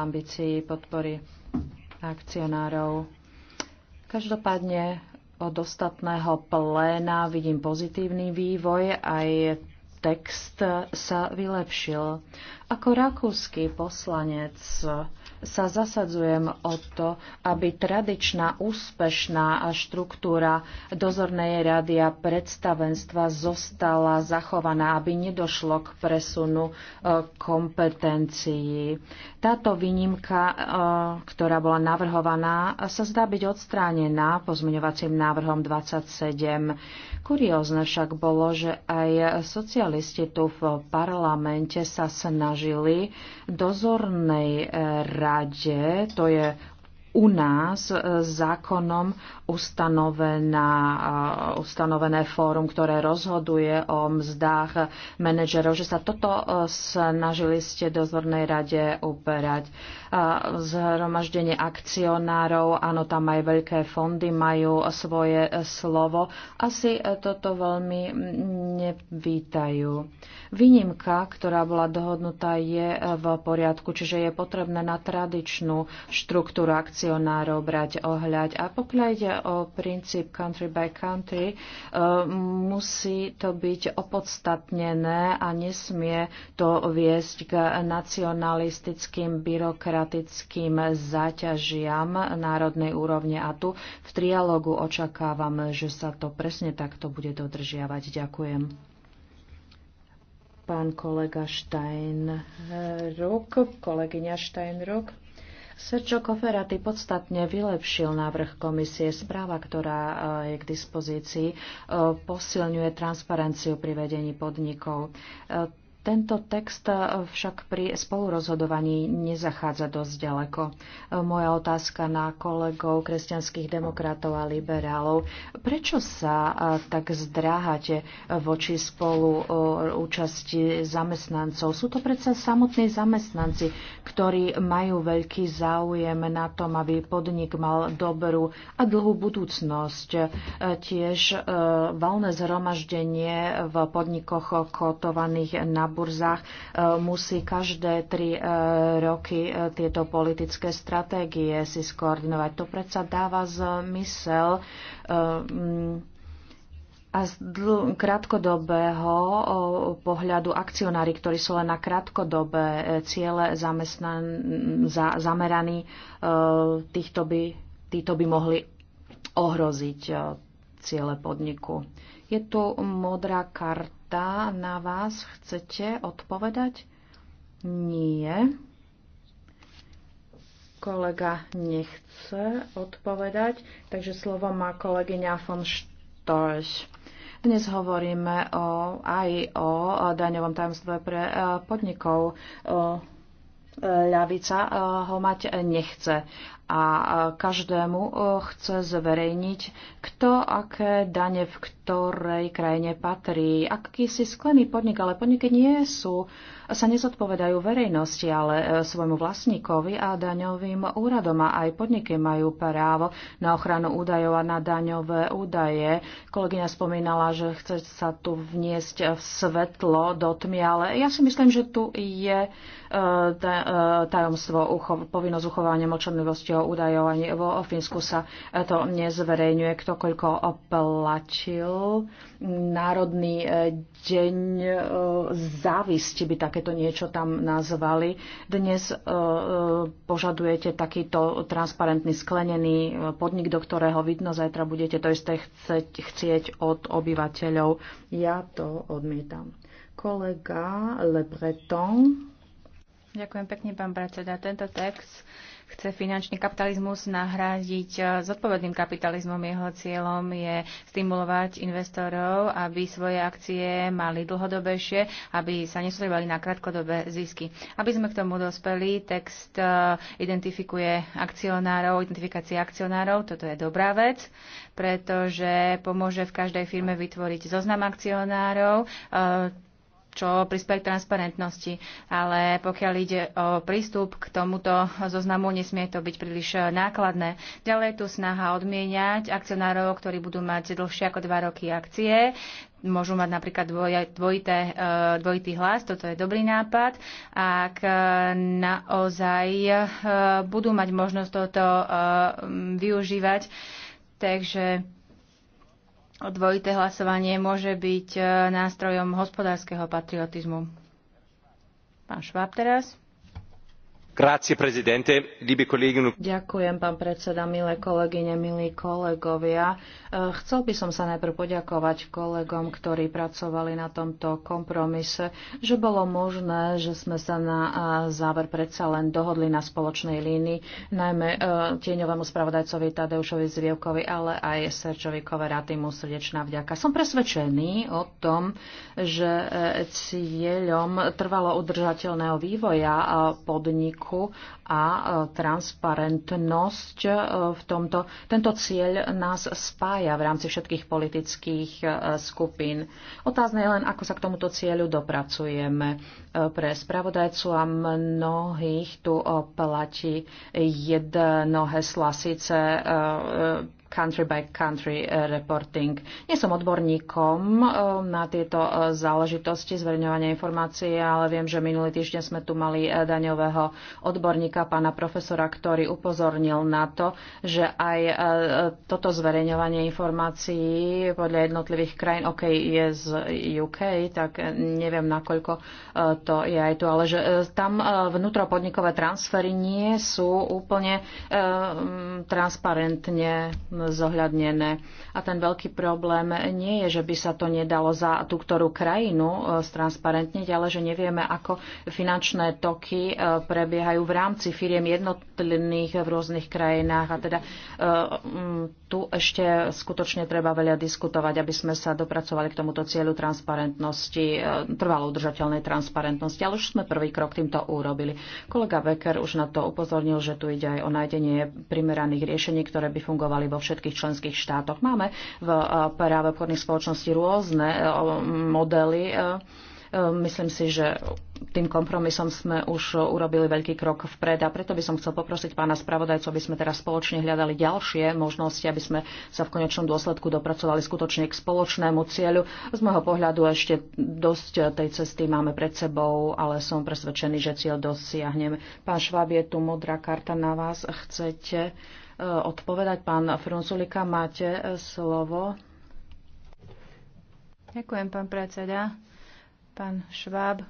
ambícií podpory akcionárov. Každopádne od ostatného pléna vidím pozitívny vývoj aj text sa vylepšil. Ako rakúsky poslanec sa zasadzujem o to, aby tradičná úspešná štruktúra dozornej rady a predstavenstva zostala zachovaná, aby nedošlo k presunu e, kompetencií. Táto výnimka, e, ktorá bola navrhovaná, sa zdá byť odstránená pozmeňovacím návrhom 27. Kuriózne však bolo, že aj socialisti tu v parlamente sa snažili dozornej rady rade, to je u nás e, zákonom ustanovená, e, ustanovené fórum, ktoré rozhoduje o mzdách manažerov, že sa toto e, snažili ste dozornej rade uberať zhromaždenie akcionárov, áno, tam aj veľké fondy majú svoje slovo, asi toto veľmi nevítajú. Výnimka, ktorá bola dohodnutá, je v poriadku, čiže je potrebné na tradičnú štruktúru akcionárov brať ohľad. A pokiaľ ide o princíp country by country, e, musí to byť opodstatnené a nesmie to viesť k nacionalistickým byrokratom byrokratickým záťažiam národnej úrovne a tu v trialogu očakávam, že sa to presne takto bude dodržiavať. Ďakujem pán kolega Steinruck, kolegyňa Steinruck. Sergio Koferaty podstatne vylepšil návrh komisie. Správa, ktorá e, je k dispozícii, e, posilňuje transparenciu pri vedení podnikov e, tento text však pri spolurozhodovaní nezachádza dosť ďaleko. Moja otázka na kolegov kresťanských demokratov a liberálov. Prečo sa tak zdráhate voči spolu účasti zamestnancov? Sú to predsa samotní zamestnanci, ktorí majú veľký záujem na tom, aby podnik mal dobrú a dlhú budúcnosť. E, tiež e, valné zhromaždenie v podnikoch kotovaných na burzách, e, musí každé tri e, roky e, tieto politické stratégie si skoordinovať. To predsa dáva zmysel mm, a z krátkodobého pohľadu akcionári, ktorí sú len na krátkodobé ciele za- zameraní, týchto by, títo by mohli ohroziť ciele podniku. Je tu modrá karta tá na vás chcete odpovedať? Nie. Kolega nechce odpovedať, takže slovo má kolegyňa von Storch. Dnes hovoríme o, aj o daňovom tajomstve pre e, podnikov. E, ľavica e, ho mať nechce a každému chce zverejniť, kto aké dane v ktorej krajine patrí. Akýsi sklený podnik, ale podniky nie sú, sa nezodpovedajú verejnosti, ale e, svojmu vlastníkovi a daňovým úradom. A aj podniky majú právo na ochranu údajov a na daňové údaje. Kolegyňa spomínala, že chce sa tu vniesť v e, svetlo do tmy, ale ja si myslím, že tu je e, tajomstvo, povinnosť uchovania mlčanlivosti o údajov. Ani vo Fínsku sa to nezverejňuje, kto koľko oplatil. Národný e, deň e, závisti by takéto niečo tam nazvali. Dnes e, požadujete takýto transparentný sklenený podnik, do ktorého vidno, zajtra budete to isté chcieť od obyvateľov. Ja to odmietam. Kolega Le Breton. Ďakujem pekne, pán predseda. Tento text chce finančný kapitalizmus nahradiť e, zodpovedným kapitalizmom. Jeho cieľom je stimulovať investorov, aby svoje akcie mali dlhodobejšie, aby sa nesústredovali na krátkodobé zisky. Aby sme k tomu dospeli, text e, identifikuje akcionárov, identifikácia akcionárov, toto je dobrá vec, pretože pomôže v každej firme vytvoriť zoznam akcionárov, e, čo prispieje k transparentnosti. Ale pokiaľ ide o prístup k tomuto zoznamu, nesmie to byť príliš nákladné. Ďalej je tu snaha odmieniať akcionárov, ktorí budú mať dlhšie ako dva roky akcie môžu mať napríklad dvoj, dvojité, e, dvojitý hlas, toto je dobrý nápad. Ak e, naozaj e, budú mať možnosť toto využívať, takže dvojité hlasovanie môže byť e, nástrojom hospodárskeho patriotizmu. Pán Šváb teraz. Ďakujem, pán predseda, milé kolegyne, milí kolegovia. E, chcel by som sa najprv poďakovať kolegom, ktorí pracovali na tomto kompromise, že bolo možné, že sme sa na e, záver predsa len dohodli na spoločnej línii, najmä e, tieňovému spravodajcovi Tadeušovi Zvievkovi, ale aj Serčovi Koveratimu srdečná vďaka. Som presvedčený o tom, že cieľom trvalo udržateľného vývoja podniku ekonomiku a e, transparentnosť e, v tomto. Tento cieľ nás spája v rámci všetkých politických e, skupín. Otázne je len, ako sa k tomuto cieľu dopracujeme. Pre spravodajcu a mnohých tu platí jedno heslo, síce country by country eh, reporting. Nie som odborníkom eh, na tieto eh, záležitosti zverejňovania informácií, ale viem, že minulý týždeň sme tu mali daňového odborníka, pána profesora, ktorý upozornil na to, že aj toto zverejňovanie informácií podľa jednotlivých krajín, OK, je z UK, tak neviem, nakoľko to je aj tu, ale že tam vnútropodnikové transfery nie sú úplne transparentne zohľadnené. A ten veľký problém nie je, že by sa to nedalo za tú ktorú krajinu e, stransparentniť, ale že nevieme, ako finančné toky e, prebiehajú v rámci firiem jednotlivých v rôznych krajinách. A teda e, tu ešte skutočne treba veľa diskutovať, aby sme sa dopracovali k tomuto cieľu transparentnosti, trvalo udržateľnej transparentnosti. Ale už sme prvý krok týmto urobili. Kolega Becker už na to upozornil, že tu ide aj o nájdenie primeraných riešení, ktoré by fungovali vo všetkých členských štátoch. Máme v eh, práve obchodných spoločnosti rôzne eh, modely. Eh, myslím si, že tým kompromisom sme už urobili veľký krok vpred a preto by som chcel poprosiť pána spravodajcu, aby sme teraz spoločne hľadali ďalšie možnosti, aby sme sa v konečnom dôsledku dopracovali skutočne k spoločnému cieľu. Z môjho pohľadu ešte dosť tej cesty máme pred sebou, ale som presvedčený, že cieľ dosiahnem. Pán Šváb, je tu modrá karta na vás. Chcete Eh, odpovedať. Pán Frunzulika, máte eh, slovo. Ďakujem, pán predseda. Pán Šváb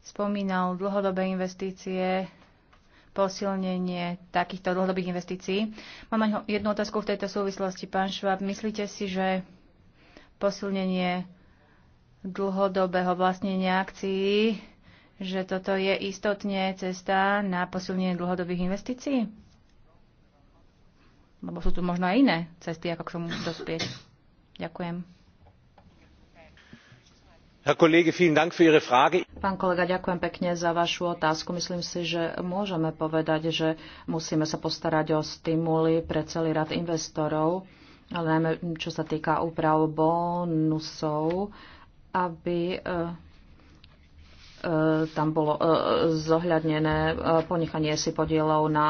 spomínal dlhodobé investície, posilnenie takýchto dlhodobých investícií. Mám jednu otázku v tejto súvislosti. Pán Šváb, myslíte si, že posilnenie dlhodobého vlastnenia akcií, že toto je istotne cesta na posilnenie dlhodobých investícií? Lebo sú tu možno aj iné cesty, ako k tomu dospieť. Ďakujem. Pán kolega, ďakujem pekne za vašu otázku. Myslím si, že môžeme povedať, že musíme sa postarať o stimuly pre celý rad investorov, ale najmä čo sa týka úprav bonusov, aby eh, E, tam bolo e, zohľadnené e, ponechanie si podielov na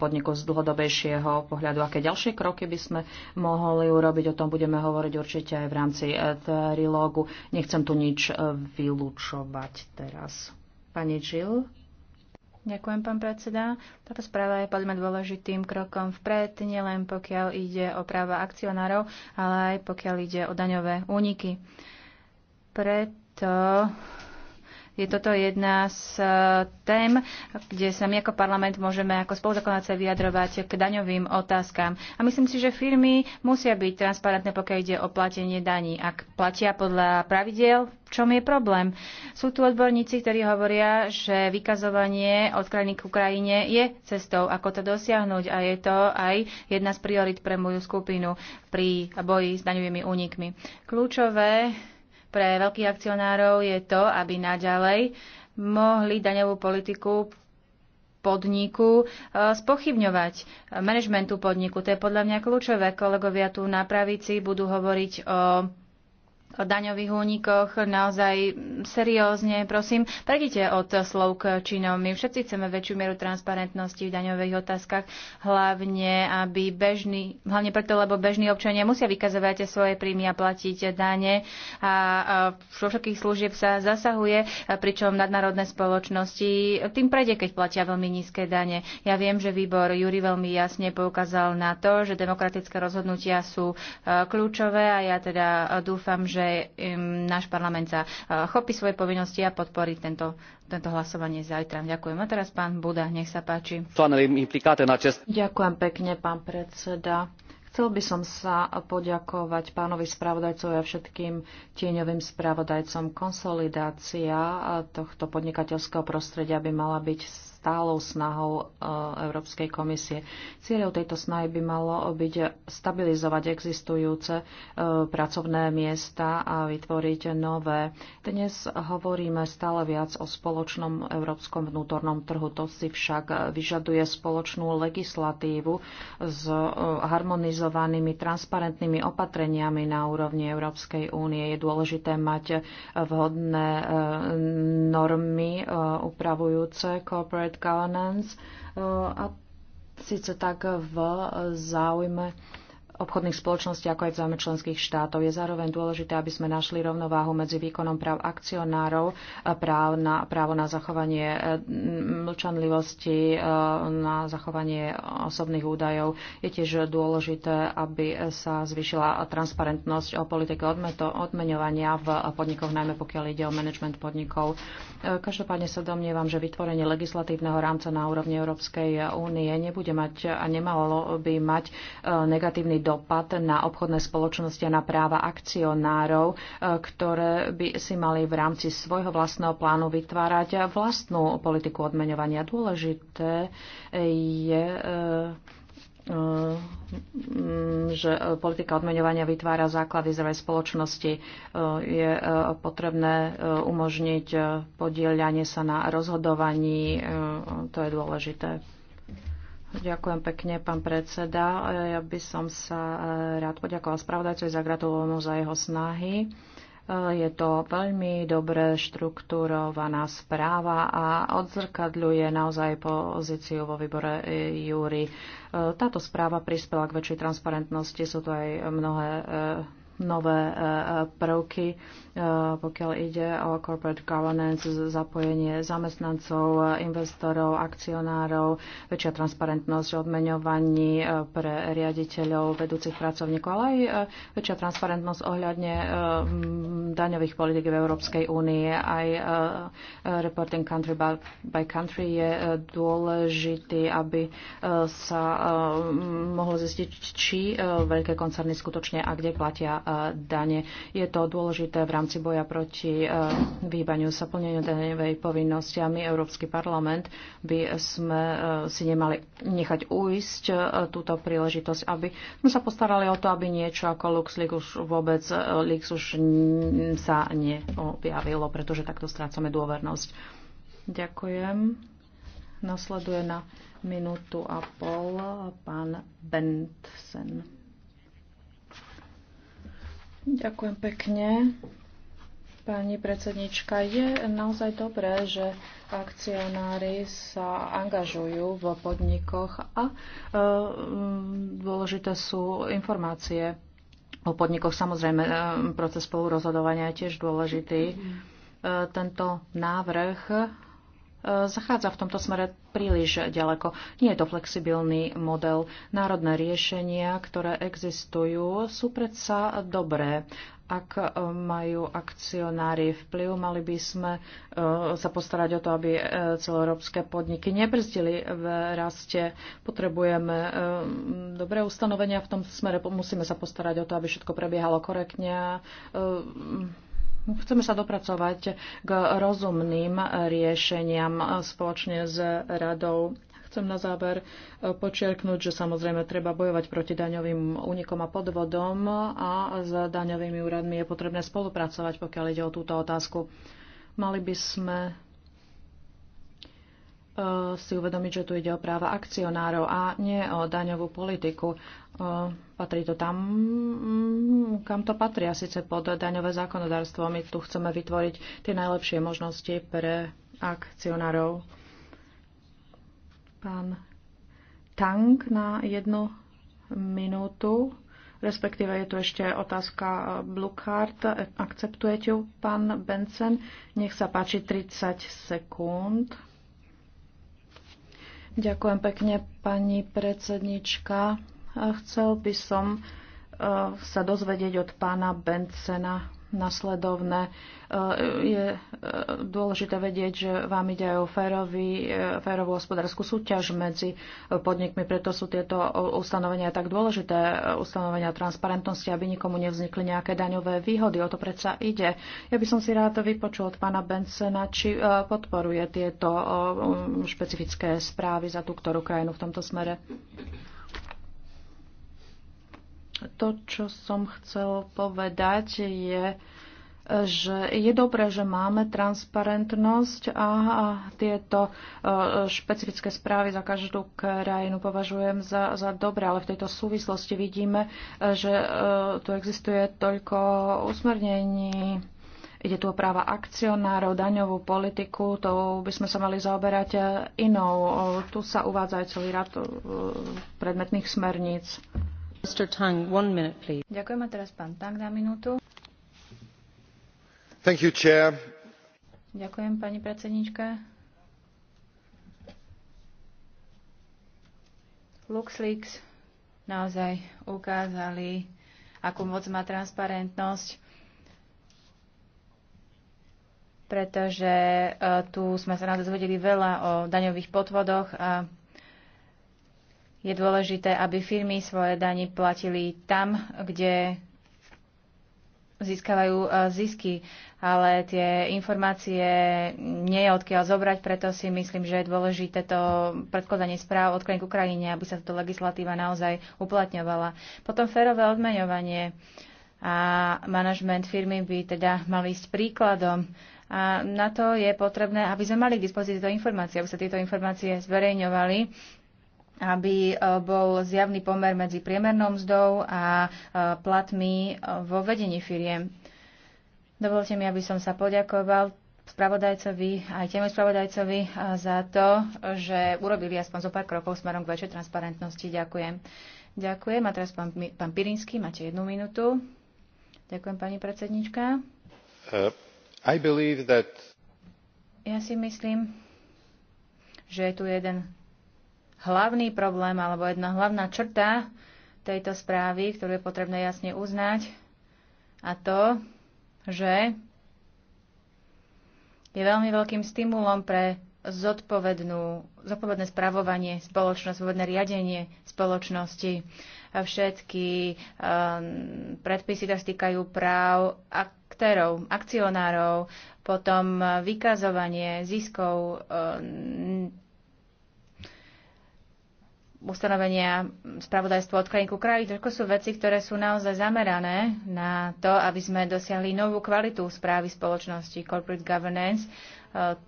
podniku z dlhodobejšieho pohľadu. Aké ďalšie kroky by sme mohli urobiť, o tom budeme hovoriť určite aj v rámci trilógu. Nechcem tu nič vylúčovať teraz. Pani Žil. Ďakujem, pán predseda. Táto správa je podľa dôležitým krokom vpred, nielen pokiaľ ide o práva akcionárov, ale aj pokiaľ ide o daňové úniky. Preto je toto jedna z e, tém, kde sa my ako parlament môžeme ako spoluzakonáce vyjadrovať k daňovým otázkam. A myslím si, že firmy musia byť transparentné, pokiaľ ide o platenie daní. Ak platia podľa pravidel, v čom je problém? Sú tu odborníci, ktorí hovoria, že vykazovanie od krajiny k Ukrajine je cestou, ako to dosiahnuť a je to aj jedna z priorit pre moju skupinu pri boji s daňovými únikmi. Kľúčové pre veľkých akcionárov je to, aby naďalej mohli daňovú politiku podniku e, spochybňovať manažmentu podniku. To je podľa mňa kľúčové. Kolegovia tu na pravici budú hovoriť o o daňových únikoch naozaj seriózne, prosím, prejdite od slov k činom. My všetci chceme väčšiu mieru transparentnosti v daňových otázkach, hlavne aby bežný, hlavne preto, lebo bežní občania musia vykazovať svoje príjmy a platiť dane a vo všetkých služieb sa zasahuje, pričom nadnárodné spoločnosti tým prejde, keď platia veľmi nízke dane. Ja viem, že výbor Júri veľmi jasne poukázal na to, že demokratické rozhodnutia sú e, kľúčové a ja teda dúfam, že že náš parlament sa e, chopí svoje povinnosti a podporí tento, tento hlasovanie zajtra. Ďakujem. A teraz pán Buda, nech sa páči. Ďakujem pekne, pán predseda. Chcel by som sa poďakovať pánovi spravodajcovi a všetkým tieňovým spravodajcom. Konsolidácia tohto podnikateľského prostredia by mala byť stálou snahou e, Európskej komisie. Cieľou tejto snahy by malo byť stabilizovať existujúce e, pracovné miesta a vytvoriť nové. Dnes hovoríme stále viac o spoločnom európskom vnútornom trhu. To si však vyžaduje spoločnú legislatívu s e, harmonizovanými transparentnými opatreniami na úrovni Európskej únie. Je dôležité mať vhodné normy upravujúce corporate corporate eh, a síce tak v záujme obchodných spoločností, ako aj v záujme členských štátov. Je zároveň dôležité, aby sme našli rovnováhu medzi výkonom práv akcionárov, práv na, právo na zachovanie e, mlčanlivosti, e, na zachovanie osobných údajov. Je tiež dôležité, aby sa zvýšila transparentnosť o politike odmeto, odmeňovania v podnikoch, najmä pokiaľ ide o management podnikov. E, každopádne sa domnievam, že vytvorenie legislatívneho rámca na úrovni Európskej únie nebude mať a nemalo by mať negatívny dopad dopad na obchodné spoločnosti a na práva akcionárov, e, ktoré by si mali v rámci svojho vlastného plánu vytvárať vlastnú politiku odmeňovania. Dôležité je e, že politika odmeňovania vytvára základy zdravej spoločnosti. E, je potrebné umožniť podielanie sa na rozhodovaní. To je dôležité. Ďakujem pekne, pán predseda. Ja by som sa e, rád poďakoval spravodajcovi za gratulovanú za jeho snahy. E, je to veľmi dobre štrukturovaná správa a odzrkadľuje naozaj pozíciu vo výbore e, júry. Táto správa prispela k väčšej transparentnosti. Sú tu aj mnohé nové prvky Eh, pokiaľ ide o corporate governance, zapojenie zamestnancov, eh, investorov, akcionárov, väčšia transparentnosť odmeňovaní eh, pre riaditeľov, vedúcich pracovníkov, ale aj väčšia transparentnosť ohľadne daňových politik v Európskej únie. Aj reporting country by country je dôležitý, aby sa mohlo zistiť, či veľké koncerny skutočne a kde platia dane. Je to dôležité v rámci rámci boja proti e, výbaniu sa plneniu daňovej povinnosti a my, Európsky parlament, by sme e, si nemali nechať uísť e, túto príležitosť, aby sme sa postarali o to, aby niečo ako LuxLeaks už vôbec lix už sa neobjavilo, pretože takto strácame dôvernosť. Ďakujem. Nasleduje na minútu a pol pán Bentsen. Ďakujem pekne. Pani predsednička, je naozaj dobré, že akcionári sa angažujú v podnikoch a e, dôležité sú informácie o podnikoch. Samozrejme, e, proces spolurozhodovania je tiež dôležitý. E, tento návrh zachádza v tomto smere príliš ďaleko. Nie je to flexibilný model. Národné riešenia, ktoré existujú, sú predsa dobré. Ak e, majú akcionári vplyv, mali by sme e, sa postarať o to, aby e, celoeurópske podniky nebrzdili v raste. Potrebujeme dobré ustanovenia v tom smere. Musíme sa postarať o to, aby všetko prebiehalo korektne Chceme sa dopracovať k rozumným riešeniam spoločne s radou chcem na záver počiarknúť, že samozrejme treba bojovať proti daňovým únikom a podvodom a s daňovými úradmi je potrebné spolupracovať, pokiaľ ide o túto otázku. Mali by sme E, si uvedomiť, že tu ide o práva akcionárov a nie o daňovú politiku. E, patrí to tam, mm, kam to patrí, a síce pod daňové zákonodárstvo. My tu chceme vytvoriť tie najlepšie možnosti pre akcionárov. Pán Tang na jednu minútu. Respektíve je tu ešte otázka Blue Card. Akceptujete ju, pán Benson? Nech sa páči 30 sekúnd. Ďakujem pekne, pani predsednička. Chcel by som e, sa dozvedieť od pána Bencena nasledovné. E, je e, dôležité vedieť, že vám ide aj o férový, e, férovú hospodárskú súťaž medzi podnikmi, preto sú tieto ustanovenia tak dôležité, ustanovenia transparentnosti, aby nikomu nevznikli nejaké daňové výhody. O to predsa ide. Ja by som si rád vypočul od pána Bensena, či podporuje tieto špecifické správy za tú ktorú krajinu v tomto smere to, čo som chcel povedať, je, že je dobré, že máme transparentnosť a tieto e, špecifické správy za každú krajinu považujem za, za dobré, ale v tejto súvislosti vidíme, e, že e, tu existuje toľko usmernení. Ide tu o práva akcionárov, daňovú politiku, to by sme sa mali zaoberať inou. Tu sa uvádza aj celý rad predmetných smerníc. Mr. Tang, one minute, please. teraz pán Tang na minútu. Ďakujem, pani predsednička. LuxLeaks naozaj ukázali, akú moc má transparentnosť, pretože eh, tu sme sa dozvedeli veľa o daňových podvodoch a je dôležité, aby firmy svoje dani platili tam, kde získavajú e, zisky, ale tie informácie nie je odkiaľ zobrať, preto si myslím, že je dôležité to predkladanie správ od krajín k Ukrajine, aby sa táto legislatíva naozaj uplatňovala. Potom férové odmeňovanie a manažment firmy by teda mal ísť príkladom. A na to je potrebné, aby sme mali k dispozícii tieto informácie, aby sa tieto informácie zverejňovali aby e, bol zjavný pomer medzi priemernou mzdou a e, platmi e, vo vedení firiem. Dovolte mi, aby som sa poďakoval spravodajcovi aj tému spravodajcovi za to, že urobili aspoň zo pár krokov smerom k väčšej transparentnosti. Ďakujem. Ďakujem. A teraz pán, pán Pirinsky, máte jednu minútu. Ďakujem, pani predsednička. Uh, I that... Ja si myslím, že je tu jeden hlavný problém alebo jedna hlavná črta tejto správy, ktorú je potrebné jasne uznať, a to, že je veľmi veľkým stimulom pre zodpovednú, zodpovedné spravovanie spoločnosti, zodpovedné riadenie spoločnosti. A všetky um, predpisy sa týkajú práv aktérov, akcionárov, potom vykazovanie ziskov, um, ustanovenia spravodajstva od krajín ku krajín. To sú veci, ktoré sú naozaj zamerané na to, aby sme dosiahli novú kvalitu správy spoločnosti, corporate governance, e,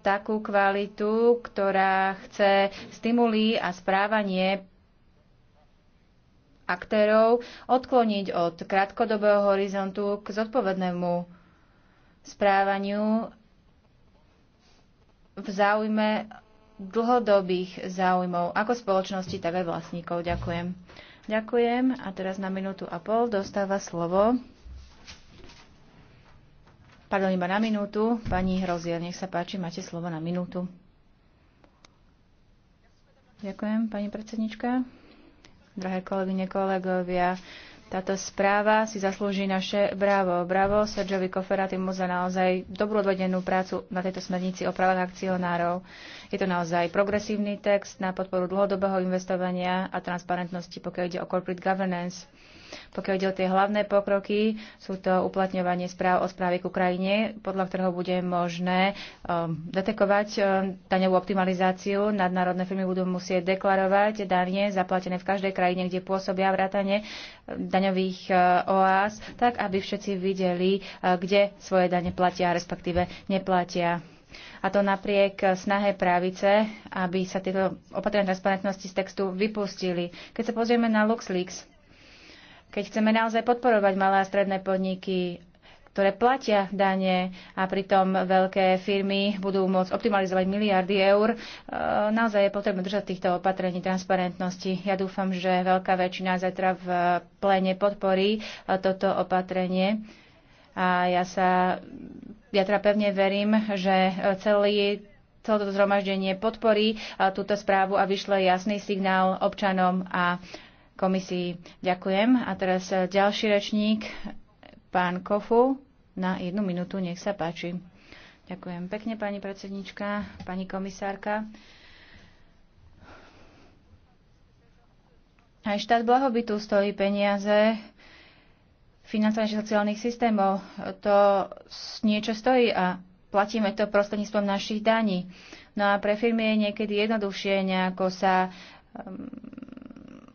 takú kvalitu, ktorá chce stimuli a správanie aktérov odkloniť od krátkodobého horizontu k zodpovednému správaniu v záujme dlhodobých záujmov ako spoločnosti, tak aj vlastníkov. Ďakujem. Ďakujem a teraz na minútu a pol dostáva slovo. Pardon, iba na minútu. Pani Hrozier, nech sa páči, máte slovo na minútu. Ďakujem, pani predsednička. Drahé kolegyne, kolegovia, táto správa si zaslúži naše bravo. Bravo Sergiovi Koferatimu za naozaj dobrú odvedenú prácu na tejto smernici o právach akcionárov. Je to naozaj progresívny text na podporu dlhodobého investovania a transparentnosti, pokiaľ ide o corporate governance. Pokiaľ ide o tie hlavné pokroky, sú to uplatňovanie správ o správe k Ukrajine, podľa ktorého bude možné um, detekovať um, daňovú optimalizáciu. Nadnárodné firmy budú musieť deklarovať dane zaplatené v každej krajine, kde pôsobia vrátane um, daňových uh, oáz, tak aby všetci videli, uh, kde svoje dane platia, respektíve neplatia. A to napriek snahe právice, aby sa tieto opatrenia transparentnosti z textu vypustili. Keď sa pozrieme na LuxLeaks, keď chceme naozaj podporovať malé a stredné podniky, ktoré platia dane a pritom veľké firmy budú môcť optimalizovať miliardy eur. E, naozaj je potrebné držať týchto opatrení transparentnosti. Ja dúfam, že veľká väčšina zajtra v plene podporí e, toto opatrenie. A ja sa, ja teda pevne verím, že e, celý celé toto zhromaždenie podporí túto správu a vyšle jasný signál občanom a komisii. Ďakujem. A teraz eh, ďalší rečník, pán Kofu, na jednu minútu, nech sa páči. Ďakujem pekne, pani predsednička, pani komisárka. Aj štát blahobytu stojí peniaze financovanie sociálnych systémov. To niečo stojí a platíme to prostredníctvom našich daní. No a pre firmy je niekedy jednoduchšie nejako sa um,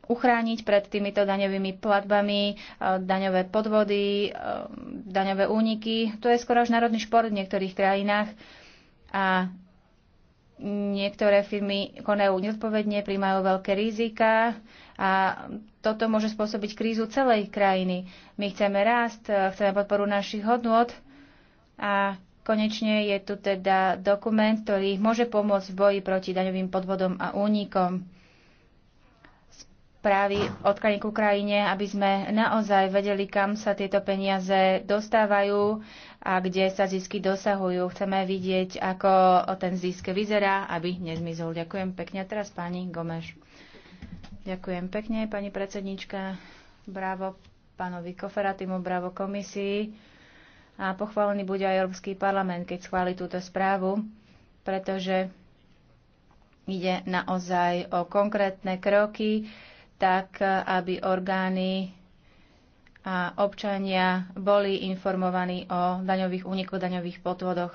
uchrániť pred týmito daňovými platbami, e, daňové podvody, e, daňové úniky. To je skoro až národný šport v niektorých krajinách a niektoré firmy konajú neodpovedne, príjmajú veľké rizika a toto môže spôsobiť krízu celej krajiny. My chceme rast, e, chceme podporu našich hodnot a konečne je tu teda dokument, ktorý môže pomôcť v boji proti daňovým podvodom a únikom právy od krajiny ku krajine, aby sme naozaj vedeli, kam sa tieto peniaze dostávajú a kde sa zisky dosahujú. Chceme vidieť, ako ten zisk vyzerá, aby nezmizol. Ďakujem pekne. teraz pani Gomeš. Ďakujem pekne, pani predsednička. Bravo pánovi Koferatimu, bravo komisii. A pochválený bude aj Európsky parlament, keď schváli túto správu, pretože ide naozaj o konkrétne kroky, tak aby orgány a občania boli informovaní o daňových únikoch, daňových podvodoch.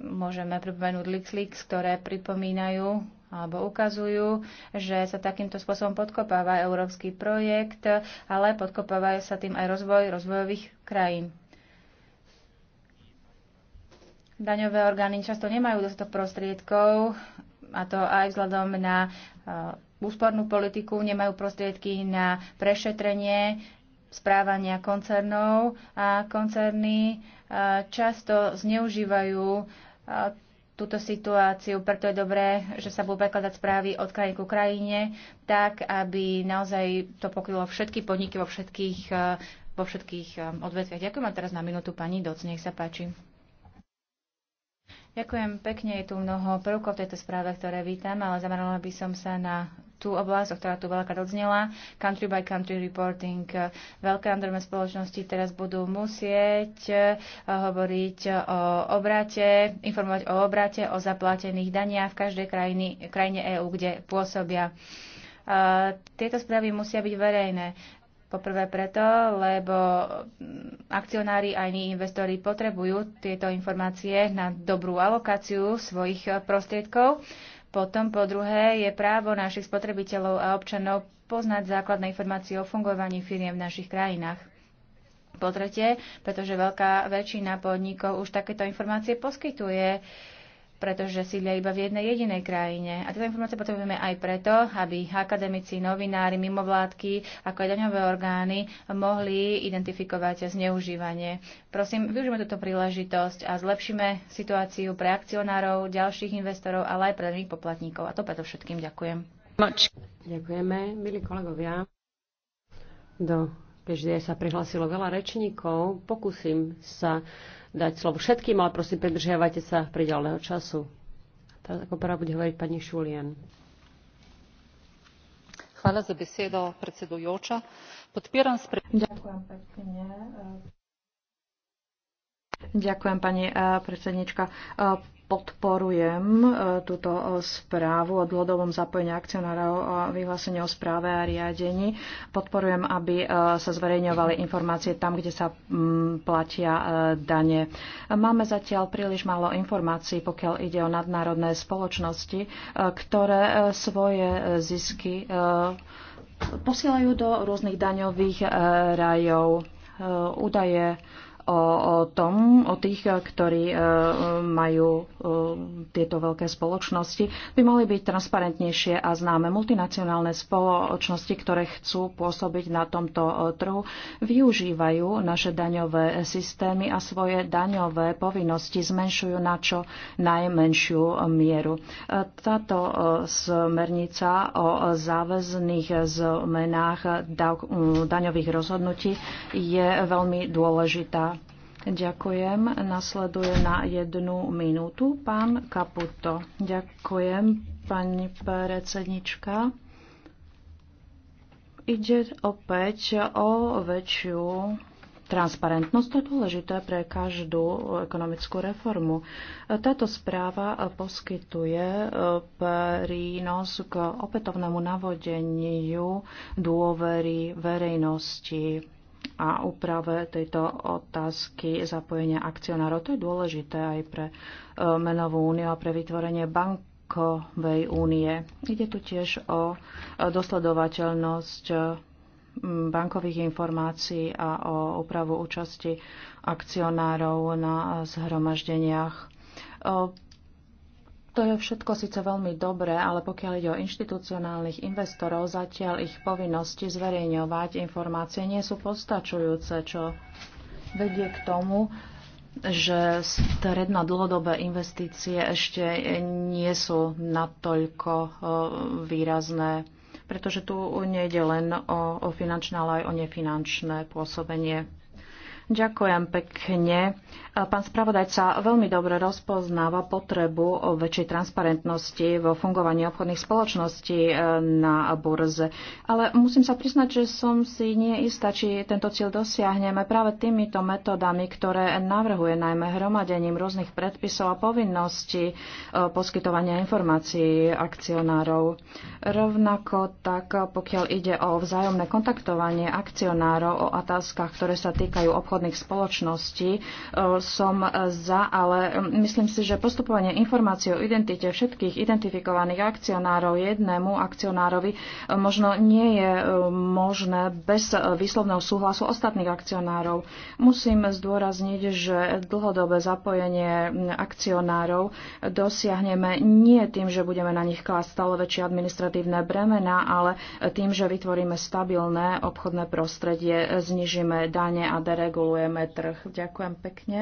Môžeme pripomenúť LixLix, ktoré pripomínajú alebo ukazujú, že sa takýmto spôsobom podkopáva európsky projekt, ale podkopáva sa tým aj rozvoj rozvojových krajín. Daňové orgány často nemajú dostatok prostriedkov a to aj vzhľadom na eh, úspornú politiku, nemajú prostriedky na prešetrenie správania koncernov a koncerny eh, často zneužívajú eh, túto situáciu, preto je dobré, že sa budú prekladať správy od krajiny ku krajine, tak aby naozaj to pokrylo všetky podniky vo všetkých, vo všetkých odvetviach. Ďakujem a teraz na minútu pani Doc, nech sa páči. Ďakujem pekne, je tu mnoho prvkov v tejto správe, ktoré vítam, ale zamerala by som sa na tú oblasť, o ktorá tu veľká odznela, country by country reporting. Veľké androme spoločnosti teraz budú musieť eh, hovoriť o obrate, informovať o obrate, o zaplatených daniach v každej krajine, krajine EÚ, kde pôsobia eh, tieto správy musia byť verejné. Poprvé preto, lebo mm, akcionári ani investori potrebujú tieto informácie na dobrú alokáciu svojich eh, prostriedkov. Potom po druhé je právo našich spotrebiteľov a občanov poznať základné informácie o fungovaní firiem v našich krajinách. Po tretie, pretože veľká väčšina podnikov už takéto informácie poskytuje uh, pretože sídlia iba v jednej jedinej krajine. A tieto informácie potrebujeme aj preto, aby akademici, novinári, mimovládky, ako aj daňové orgány mohli identifikovať zneužívanie. Prosím, využijeme túto príležitosť a zlepšíme situáciu pre akcionárov, ďalších investorov, ale aj pre daných poplatníkov. A to preto všetkým ďakujem. Ďakujeme, milí kolegovia. Do keďže sa prihlásilo veľa rečníkov, pokúsim sa dať slovo všetkým, ale prosím, pridržiavajte sa pri ďalného času. Teraz ako prvá bude hovoriť pani Šulien. Hvala za besedo, predsedujúča. Podpieram spre... Ďakujem pekne. Ďakujem, pani eh, predsednička. Eh, podporujem e, túto e, správu o dlhodobom zapojení akcionárov a vyhlásení o správe a riadení. Podporujem, aby e, sa zverejňovali informácie tam, kde sa platia dane. Máme zatiaľ príliš málo informácií, pokiaľ ide o nadnárodné spoločnosti, ktoré svoje zisky posielajú do rôznych daňových rajov. Údaje o, o tom, o tých, eh, ktorí eh, majú eh, tieto veľké spoločnosti, by mali byť transparentnejšie a známe. Multinacionálne spoločnosti, ktoré chcú pôsobiť na tomto trhu, využívajú naše daňové systémy a svoje daňové povinnosti zmenšujú na čo najmenšiu mieru. Táto smernica o záväzných zmenách daňových rozhodnutí je veľmi dôležitá. Ďakujem. Nasleduje na jednu minútu pán Kaputo. Ďakujem, pani predsednička. Ide opäť o väčšiu Transparentnosť to je dôležité pre každú ekonomickú reformu. Táto správa poskytuje prínos k opätovnému navodeniu dôvery verejnosti a úprave tejto otázky zapojenia akcionárov. To je dôležité aj pre e, menovú úniu a pre vytvorenie bankovej únie. Ide tu tiež o e, dosledovateľnosť e, bankových informácií a o úpravu účasti akcionárov na zhromaždeniach. To je všetko síce veľmi dobré, ale pokiaľ ide o inštitucionálnych investorov, zatiaľ ich povinnosti zverejňovať informácie nie sú postačujúce, čo vedie k tomu, že stredno dlhodobé investície ešte nie sú natoľko e, výrazné, pretože tu nejde len o, finančné, ale aj o nefinančné pôsobenie. Ďakujem pekne. Pán spravodajca veľmi dobre rozpoznáva potrebu o väčšej transparentnosti vo fungovaní obchodných spoločností e, na burze. Ale musím sa priznať, že som si nie istá, či tento cieľ dosiahneme práve týmito metodami, ktoré navrhuje najmä hromadením rôznych predpisov a povinností e, poskytovania informácií akcionárov. Rovnako tak, pokiaľ ide o vzájomné kontaktovanie akcionárov o otázkach, ktoré sa týkajú obchodných obchodných spoločností e, som za, ale e, myslím si, že postupovanie informácií o identite všetkých identifikovaných akcionárov jednému akcionárovi e, možno nie je možné bez výslovného súhlasu ostatných akcionárov. Musím zdôrazniť, že dlhodobé zapojenie akcionárov dosiahneme nie tým, že budeme na nich klásť stále väčšie administratívne bremena, ale tým, že vytvoríme stabilné obchodné prostredie, znižíme dane a deregulujeme regulujeme trh. Ďakujem pekne.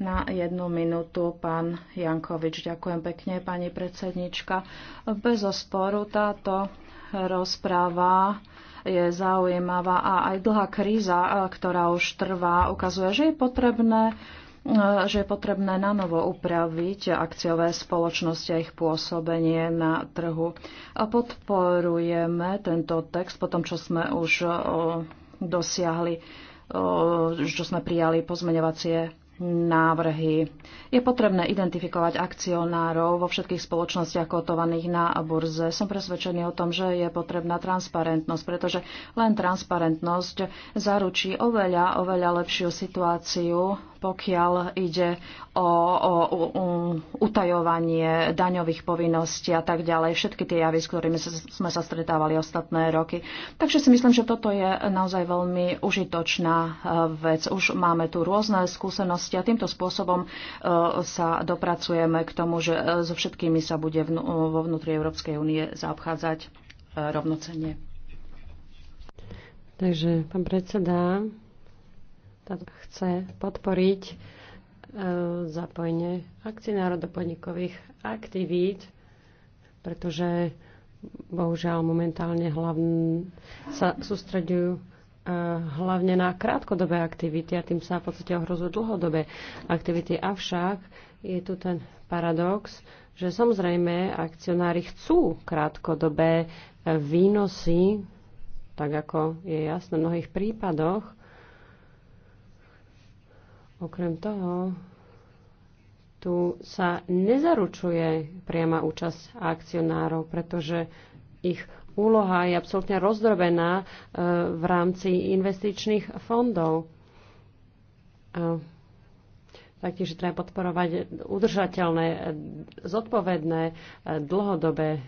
Na jednu minútu pán Jankovič. Ďakujem pekne, pani predsednička. Bez osporu táto rozpráva je zaujímavá a aj dlhá kríza, ktorá už trvá, ukazuje, že je potrebné že je potrebné na novo upraviť akciové spoločnosti a ich pôsobenie na trhu. Podporujeme tento text po tom, čo sme už dosiahli čo sme prijali pozmeňovacie návrhy. Je potrebné identifikovať akcionárov vo všetkých spoločnostiach kotovaných na burze. Som presvedčený o tom, že je potrebná transparentnosť, pretože len transparentnosť zaručí oveľa, oveľa lepšiu situáciu pokiaľ ide o, o, o utajovanie daňových povinností a tak ďalej. Všetky tie javy, s ktorými sme sa stretávali ostatné roky. Takže si myslím, že toto je naozaj veľmi užitočná eh, vec. Už máme tu rôzne skúsenosti a týmto spôsobom eh, sa dopracujeme k tomu, že eh, so všetkými sa bude vo vnútri Európskej únie zaobchádzať rovnocenie. Takže, pán predseda, chce podporiť e, zapojenie akcionárov aktivít, pretože bohužiaľ momentálne hlavne sa sústredujú e, hlavne na krátkodobé aktivity a tým sa v podstate ohrozujú dlhodobé aktivity. Avšak je tu ten paradox, že samozrejme akcionári chcú krátkodobé výnosy, tak ako je jasné v mnohých prípadoch, Okrem toho, tu sa nezaručuje priama účasť akcionárov, pretože ich úloha je absolútne rozdrobená e, v rámci investičných fondov. taktiež treba podporovať udržateľné, zodpovedné, e, dlhodobé e,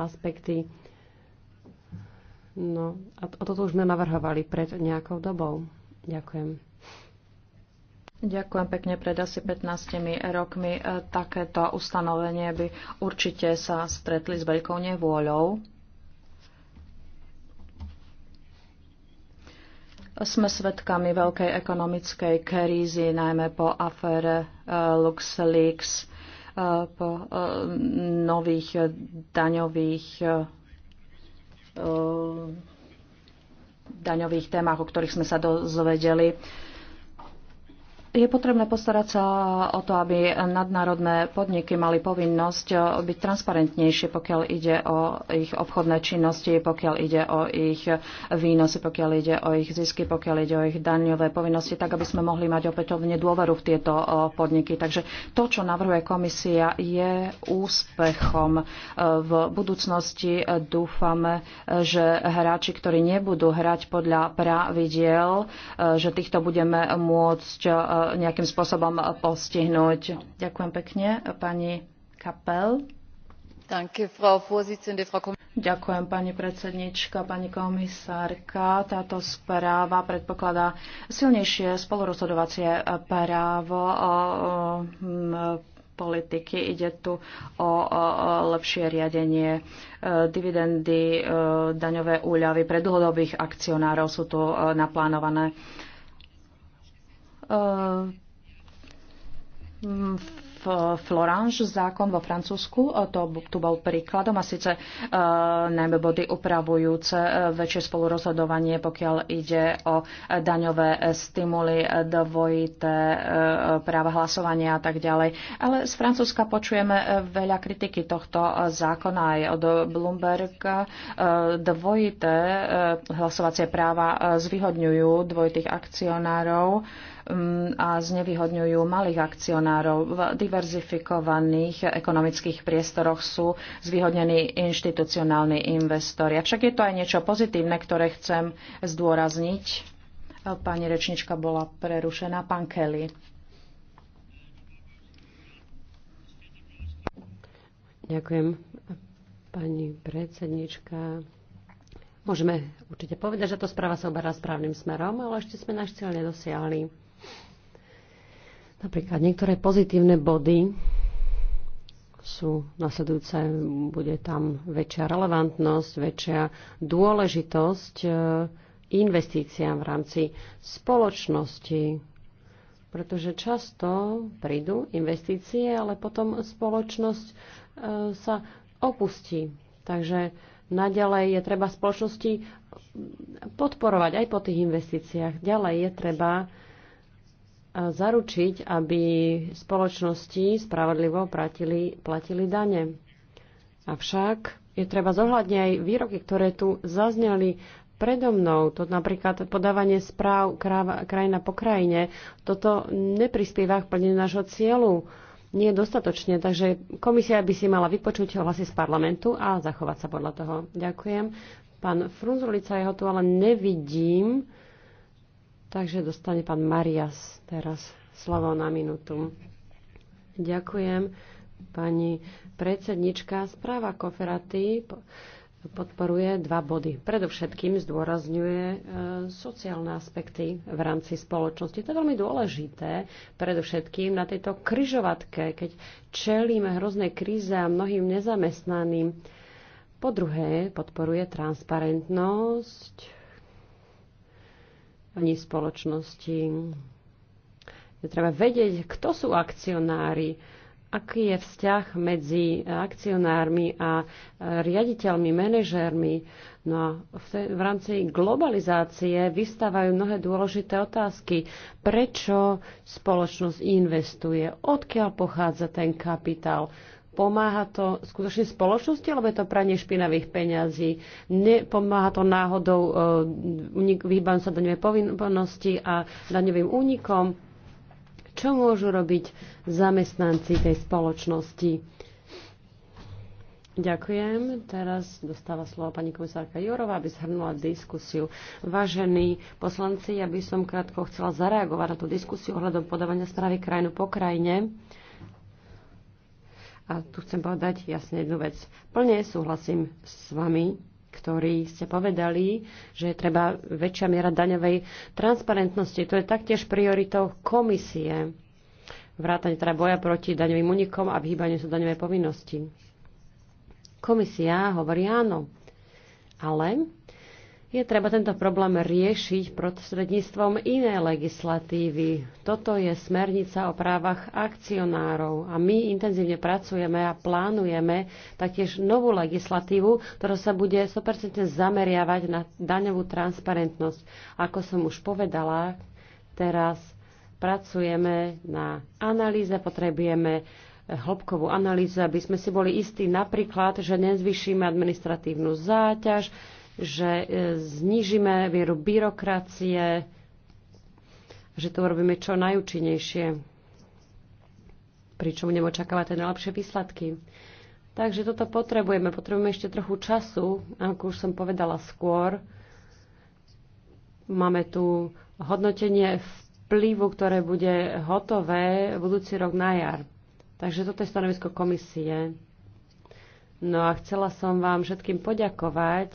aspekty. No a toto už sme navrhovali pred nejakou dobou. Ďakujem. Ďakujem pekne. Pred asi 15 rokmi e, takéto ustanovenie by určite sa stretli s veľkou nevôľou. Sme svedkami veľkej ekonomickej krízy, najmä po afére e, LuxLeaks, e, po nových daňových daňových témach, o ktorých sme sa dozvedeli je potrebné postarať sa o to, aby nadnárodné podniky mali povinnosť byť transparentnejšie, pokiaľ ide o ich obchodné činnosti, pokiaľ ide o ich výnosy, pokiaľ ide o ich zisky, pokiaľ ide o ich daňové povinnosti, tak aby sme mohli mať opätovne dôveru v tieto podniky. Takže to, čo navrhuje komisia, je úspechom. E, v budúcnosti e, dúfame, e, že hráči, ktorí nebudú hrať podľa pravidiel, že týchto budeme môcť nejakým spôsobom postihnúť. Ďakujem pekne, pani Kapel. Danke, Frau Vorsitzende, Frau Kom Ďakujem, pani predsednička, pani komisárka. Táto správa predpokladá silnejšie spolurozhodovacie právo politiky. Ide tu o, lepšie riadenie e, dividendy, e, daňové úľavy pre dlhodobých akcionárov sú tu e, naplánované uh, Florange zákon vo Francúzsku, e, to tu bol príkladom a síce uh, najmä body upravujúce e, väčšie spolurozhodovanie, pokiaľ ide o daňové stimuly, dvojité uh, práva hlasovania a tak ďalej. Ale z Francúzska počujeme veľa kritiky tohto zákona aj od Bloomberga. Uh, dvojité uh, hlasovacie práva zvyhodňujú dvojitých akcionárov. Uh, Mm, a znevýhodňujú malých akcionárov. V diverzifikovaných ekonomických priestoroch sú zvýhodnení inštitucionálni investori. Avšak je to aj niečo pozitívne, ktoré chcem zdôrazniť. Pani rečnička bola prerušená. Pán Kelly. Ďakujem, pani predsednička. Môžeme určite povedať, že to správa sa oberá správnym smerom, ale ešte sme náš cieľ nedosiahli. Napríklad niektoré pozitívne body sú nasledujúce, bude tam väčšia relevantnosť, väčšia dôležitosť e, investíciám v rámci spoločnosti, pretože často prídu investície, ale potom spoločnosť e, sa opustí. Takže naďalej je treba spoločnosti podporovať aj po tých investíciách. Ďalej je treba zaručiť, aby spoločnosti spravodlivo platili, platili dane. Avšak je treba zohľadniť aj výroky, ktoré tu zazneli predo mnou. To napríklad podávanie správ krajina po krajine. Toto neprispieva k plneniu nášho cieľu. Nie dostatočne, takže komisia by si mala vypočuť hlasy z parlamentu a zachovať sa podľa toho. Ďakujem. Pán Frunzulica, jeho tu ale nevidím. Takže dostane pán Marias teraz slovo na minútu. Ďakujem. Pani predsednička, správa Koferaty podporuje dva body. Predovšetkým zdôrazňuje e, sociálne aspekty v rámci spoločnosti. To je veľmi dôležité, predovšetkým na tejto kryžovatke, keď čelíme hrozné kríze a mnohým nezamestnaným. Po druhé, podporuje transparentnosť ani spoločnosti. Je treba vedieť, kto sú akcionári, aký je vzťah medzi akcionármi a riaditeľmi, manažérmi. No a v, te, v rámci globalizácie vystávajú mnohé dôležité otázky. Prečo spoločnosť investuje? Odkiaľ pochádza ten kapitál? Pomáha to skutočne spoločnosti, alebo je to pranie špinavých peňazí? Nepomáha to náhodou e, vyhýbam sa daňovej povinnosti a daňovým únikom? Čo môžu robiť zamestnanci tej spoločnosti? Ďakujem. Teraz dostáva slovo pani komisárka Jurová, aby zhrnula diskusiu. Vážení poslanci, ja by som krátko chcela zareagovať na tú diskusiu ohľadom podávania správy krajinu po krajine. A tu chcem povedať jasne jednu vec. Plne súhlasím s vami, ktorí ste povedali, že je treba väčšia miera daňovej transparentnosti. To je taktiež prioritou komisie. Vrátane teda boja proti daňovým unikom a vyhýbaniu sa daňovej povinnosti. Komisia hovorí áno, ale je treba tento problém riešiť prostredníctvom inej legislatívy. Toto je smernica o právach akcionárov a my intenzívne pracujeme a plánujeme taktiež novú legislatívu, ktorá sa bude 100% zameriavať na daňovú transparentnosť. Ako som už povedala, teraz pracujeme na analýze, potrebujeme hĺbkovú analýzu, aby sme si boli istí napríklad, že nezvyšíme administratívnu záťaž, že e, znižíme mieru byrokracie, že to robíme čo najúčinnejšie, pričom budeme očakávať tie najlepšie výsledky. Takže toto potrebujeme. Potrebujeme ešte trochu času, ako už som povedala skôr. Máme tu hodnotenie vplyvu, ktoré bude hotové budúci rok na jar. Takže toto je stanovisko komisie. No a chcela som vám všetkým poďakovať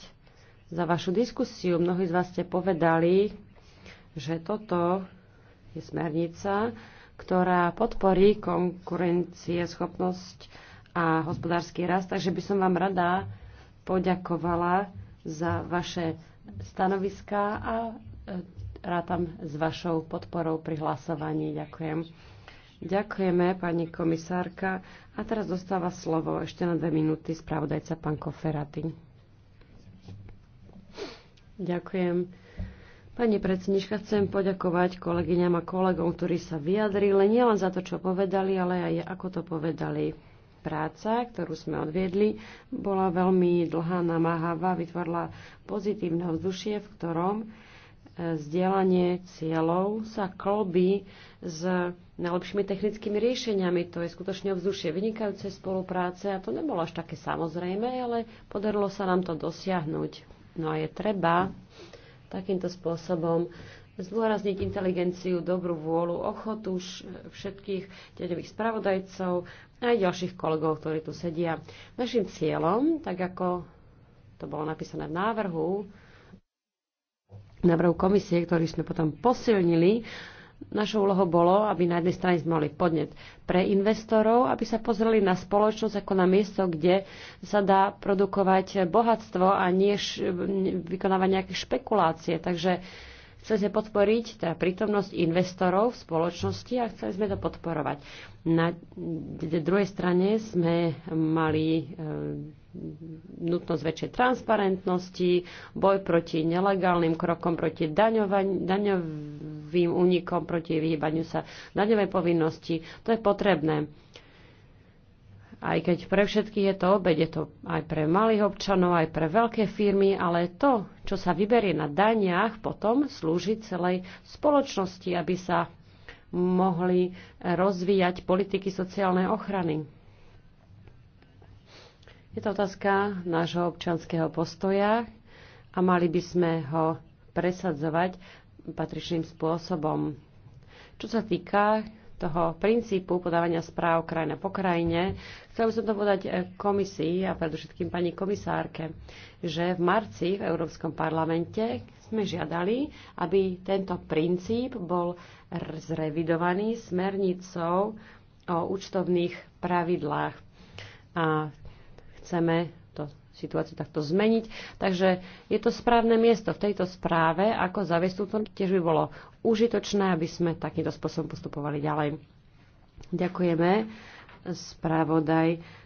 za vašu diskusiu. Mnohí z vás ste povedali, že toto je smernica, ktorá podporí konkurencieschopnosť a hospodársky rast. Takže by som vám rada poďakovala za vaše stanoviská a e, rátam s vašou podporou pri hlasovaní. Ďakujem. Ďakujeme, pani komisárka. A teraz dostáva slovo ešte na dve minúty spravodajca pán Koferaty. Ďakujem. Pani predsednička, chcem poďakovať kolegyňam a kolegom, ktorí sa vyjadrili nielen za to, čo povedali, ale aj ako to povedali. Práca, ktorú sme odviedli, bola veľmi dlhá, namáhavá, vytvorila pozitívne vzdušie, v ktorom e, zdieľanie cieľov sa klobí s najlepšími technickými riešeniami. To je skutočne vzdušie vynikajúcej spolupráce a to nebolo až také samozrejme, ale podarilo sa nám to dosiahnuť. No a je treba takýmto spôsobom zdôrazniť inteligenciu, dobrú vôľu, ochotu všetkých deňových spravodajcov a aj ďalších kolegov, ktorí tu sedia. Našim cieľom, tak ako to bolo napísané v návrhu, návrhu komisie, ktorý sme potom posilnili, Našou úlohou bolo, aby na jednej strane sme mali podnet pre investorov, aby sa pozreli na spoločnosť ako na miesto, kde sa dá produkovať bohatstvo a nie vykonávať nejaké špekulácie. Takže chceli sme podporiť teda prítomnosť investorov v spoločnosti a chceli sme to podporovať. Na druhej strane sme mali e, nutnosť väčšej transparentnosti, boj proti nelegálnym krokom, proti daňovaniu daňov, daňovým únikom, proti vyhýbaniu sa daňovej povinnosti. To je potrebné. Aj keď pre všetkých je to obed, je to aj pre malých občanov, aj pre veľké firmy, ale to, čo sa vyberie na daniach, potom slúži celej spoločnosti, aby sa mohli rozvíjať politiky sociálnej ochrany. Je to otázka nášho občanského postoja a mali by sme ho presadzovať patričným spôsobom. Čo sa týka toho princípu podávania správ krajina po krajine, chcela by som to podať eh, komisii a predovšetkým pani komisárke, že v marci v Európskom parlamente sme žiadali, aby tento princíp bol zrevidovaný smernicou o účtovných pravidlách. A chceme situáciu takto zmeniť. Takže je to správne miesto v tejto správe, ako zaviesť túto. Tiež by bolo užitočné, aby sme takýmto spôsobom postupovali ďalej. Ďakujeme. Spravodaj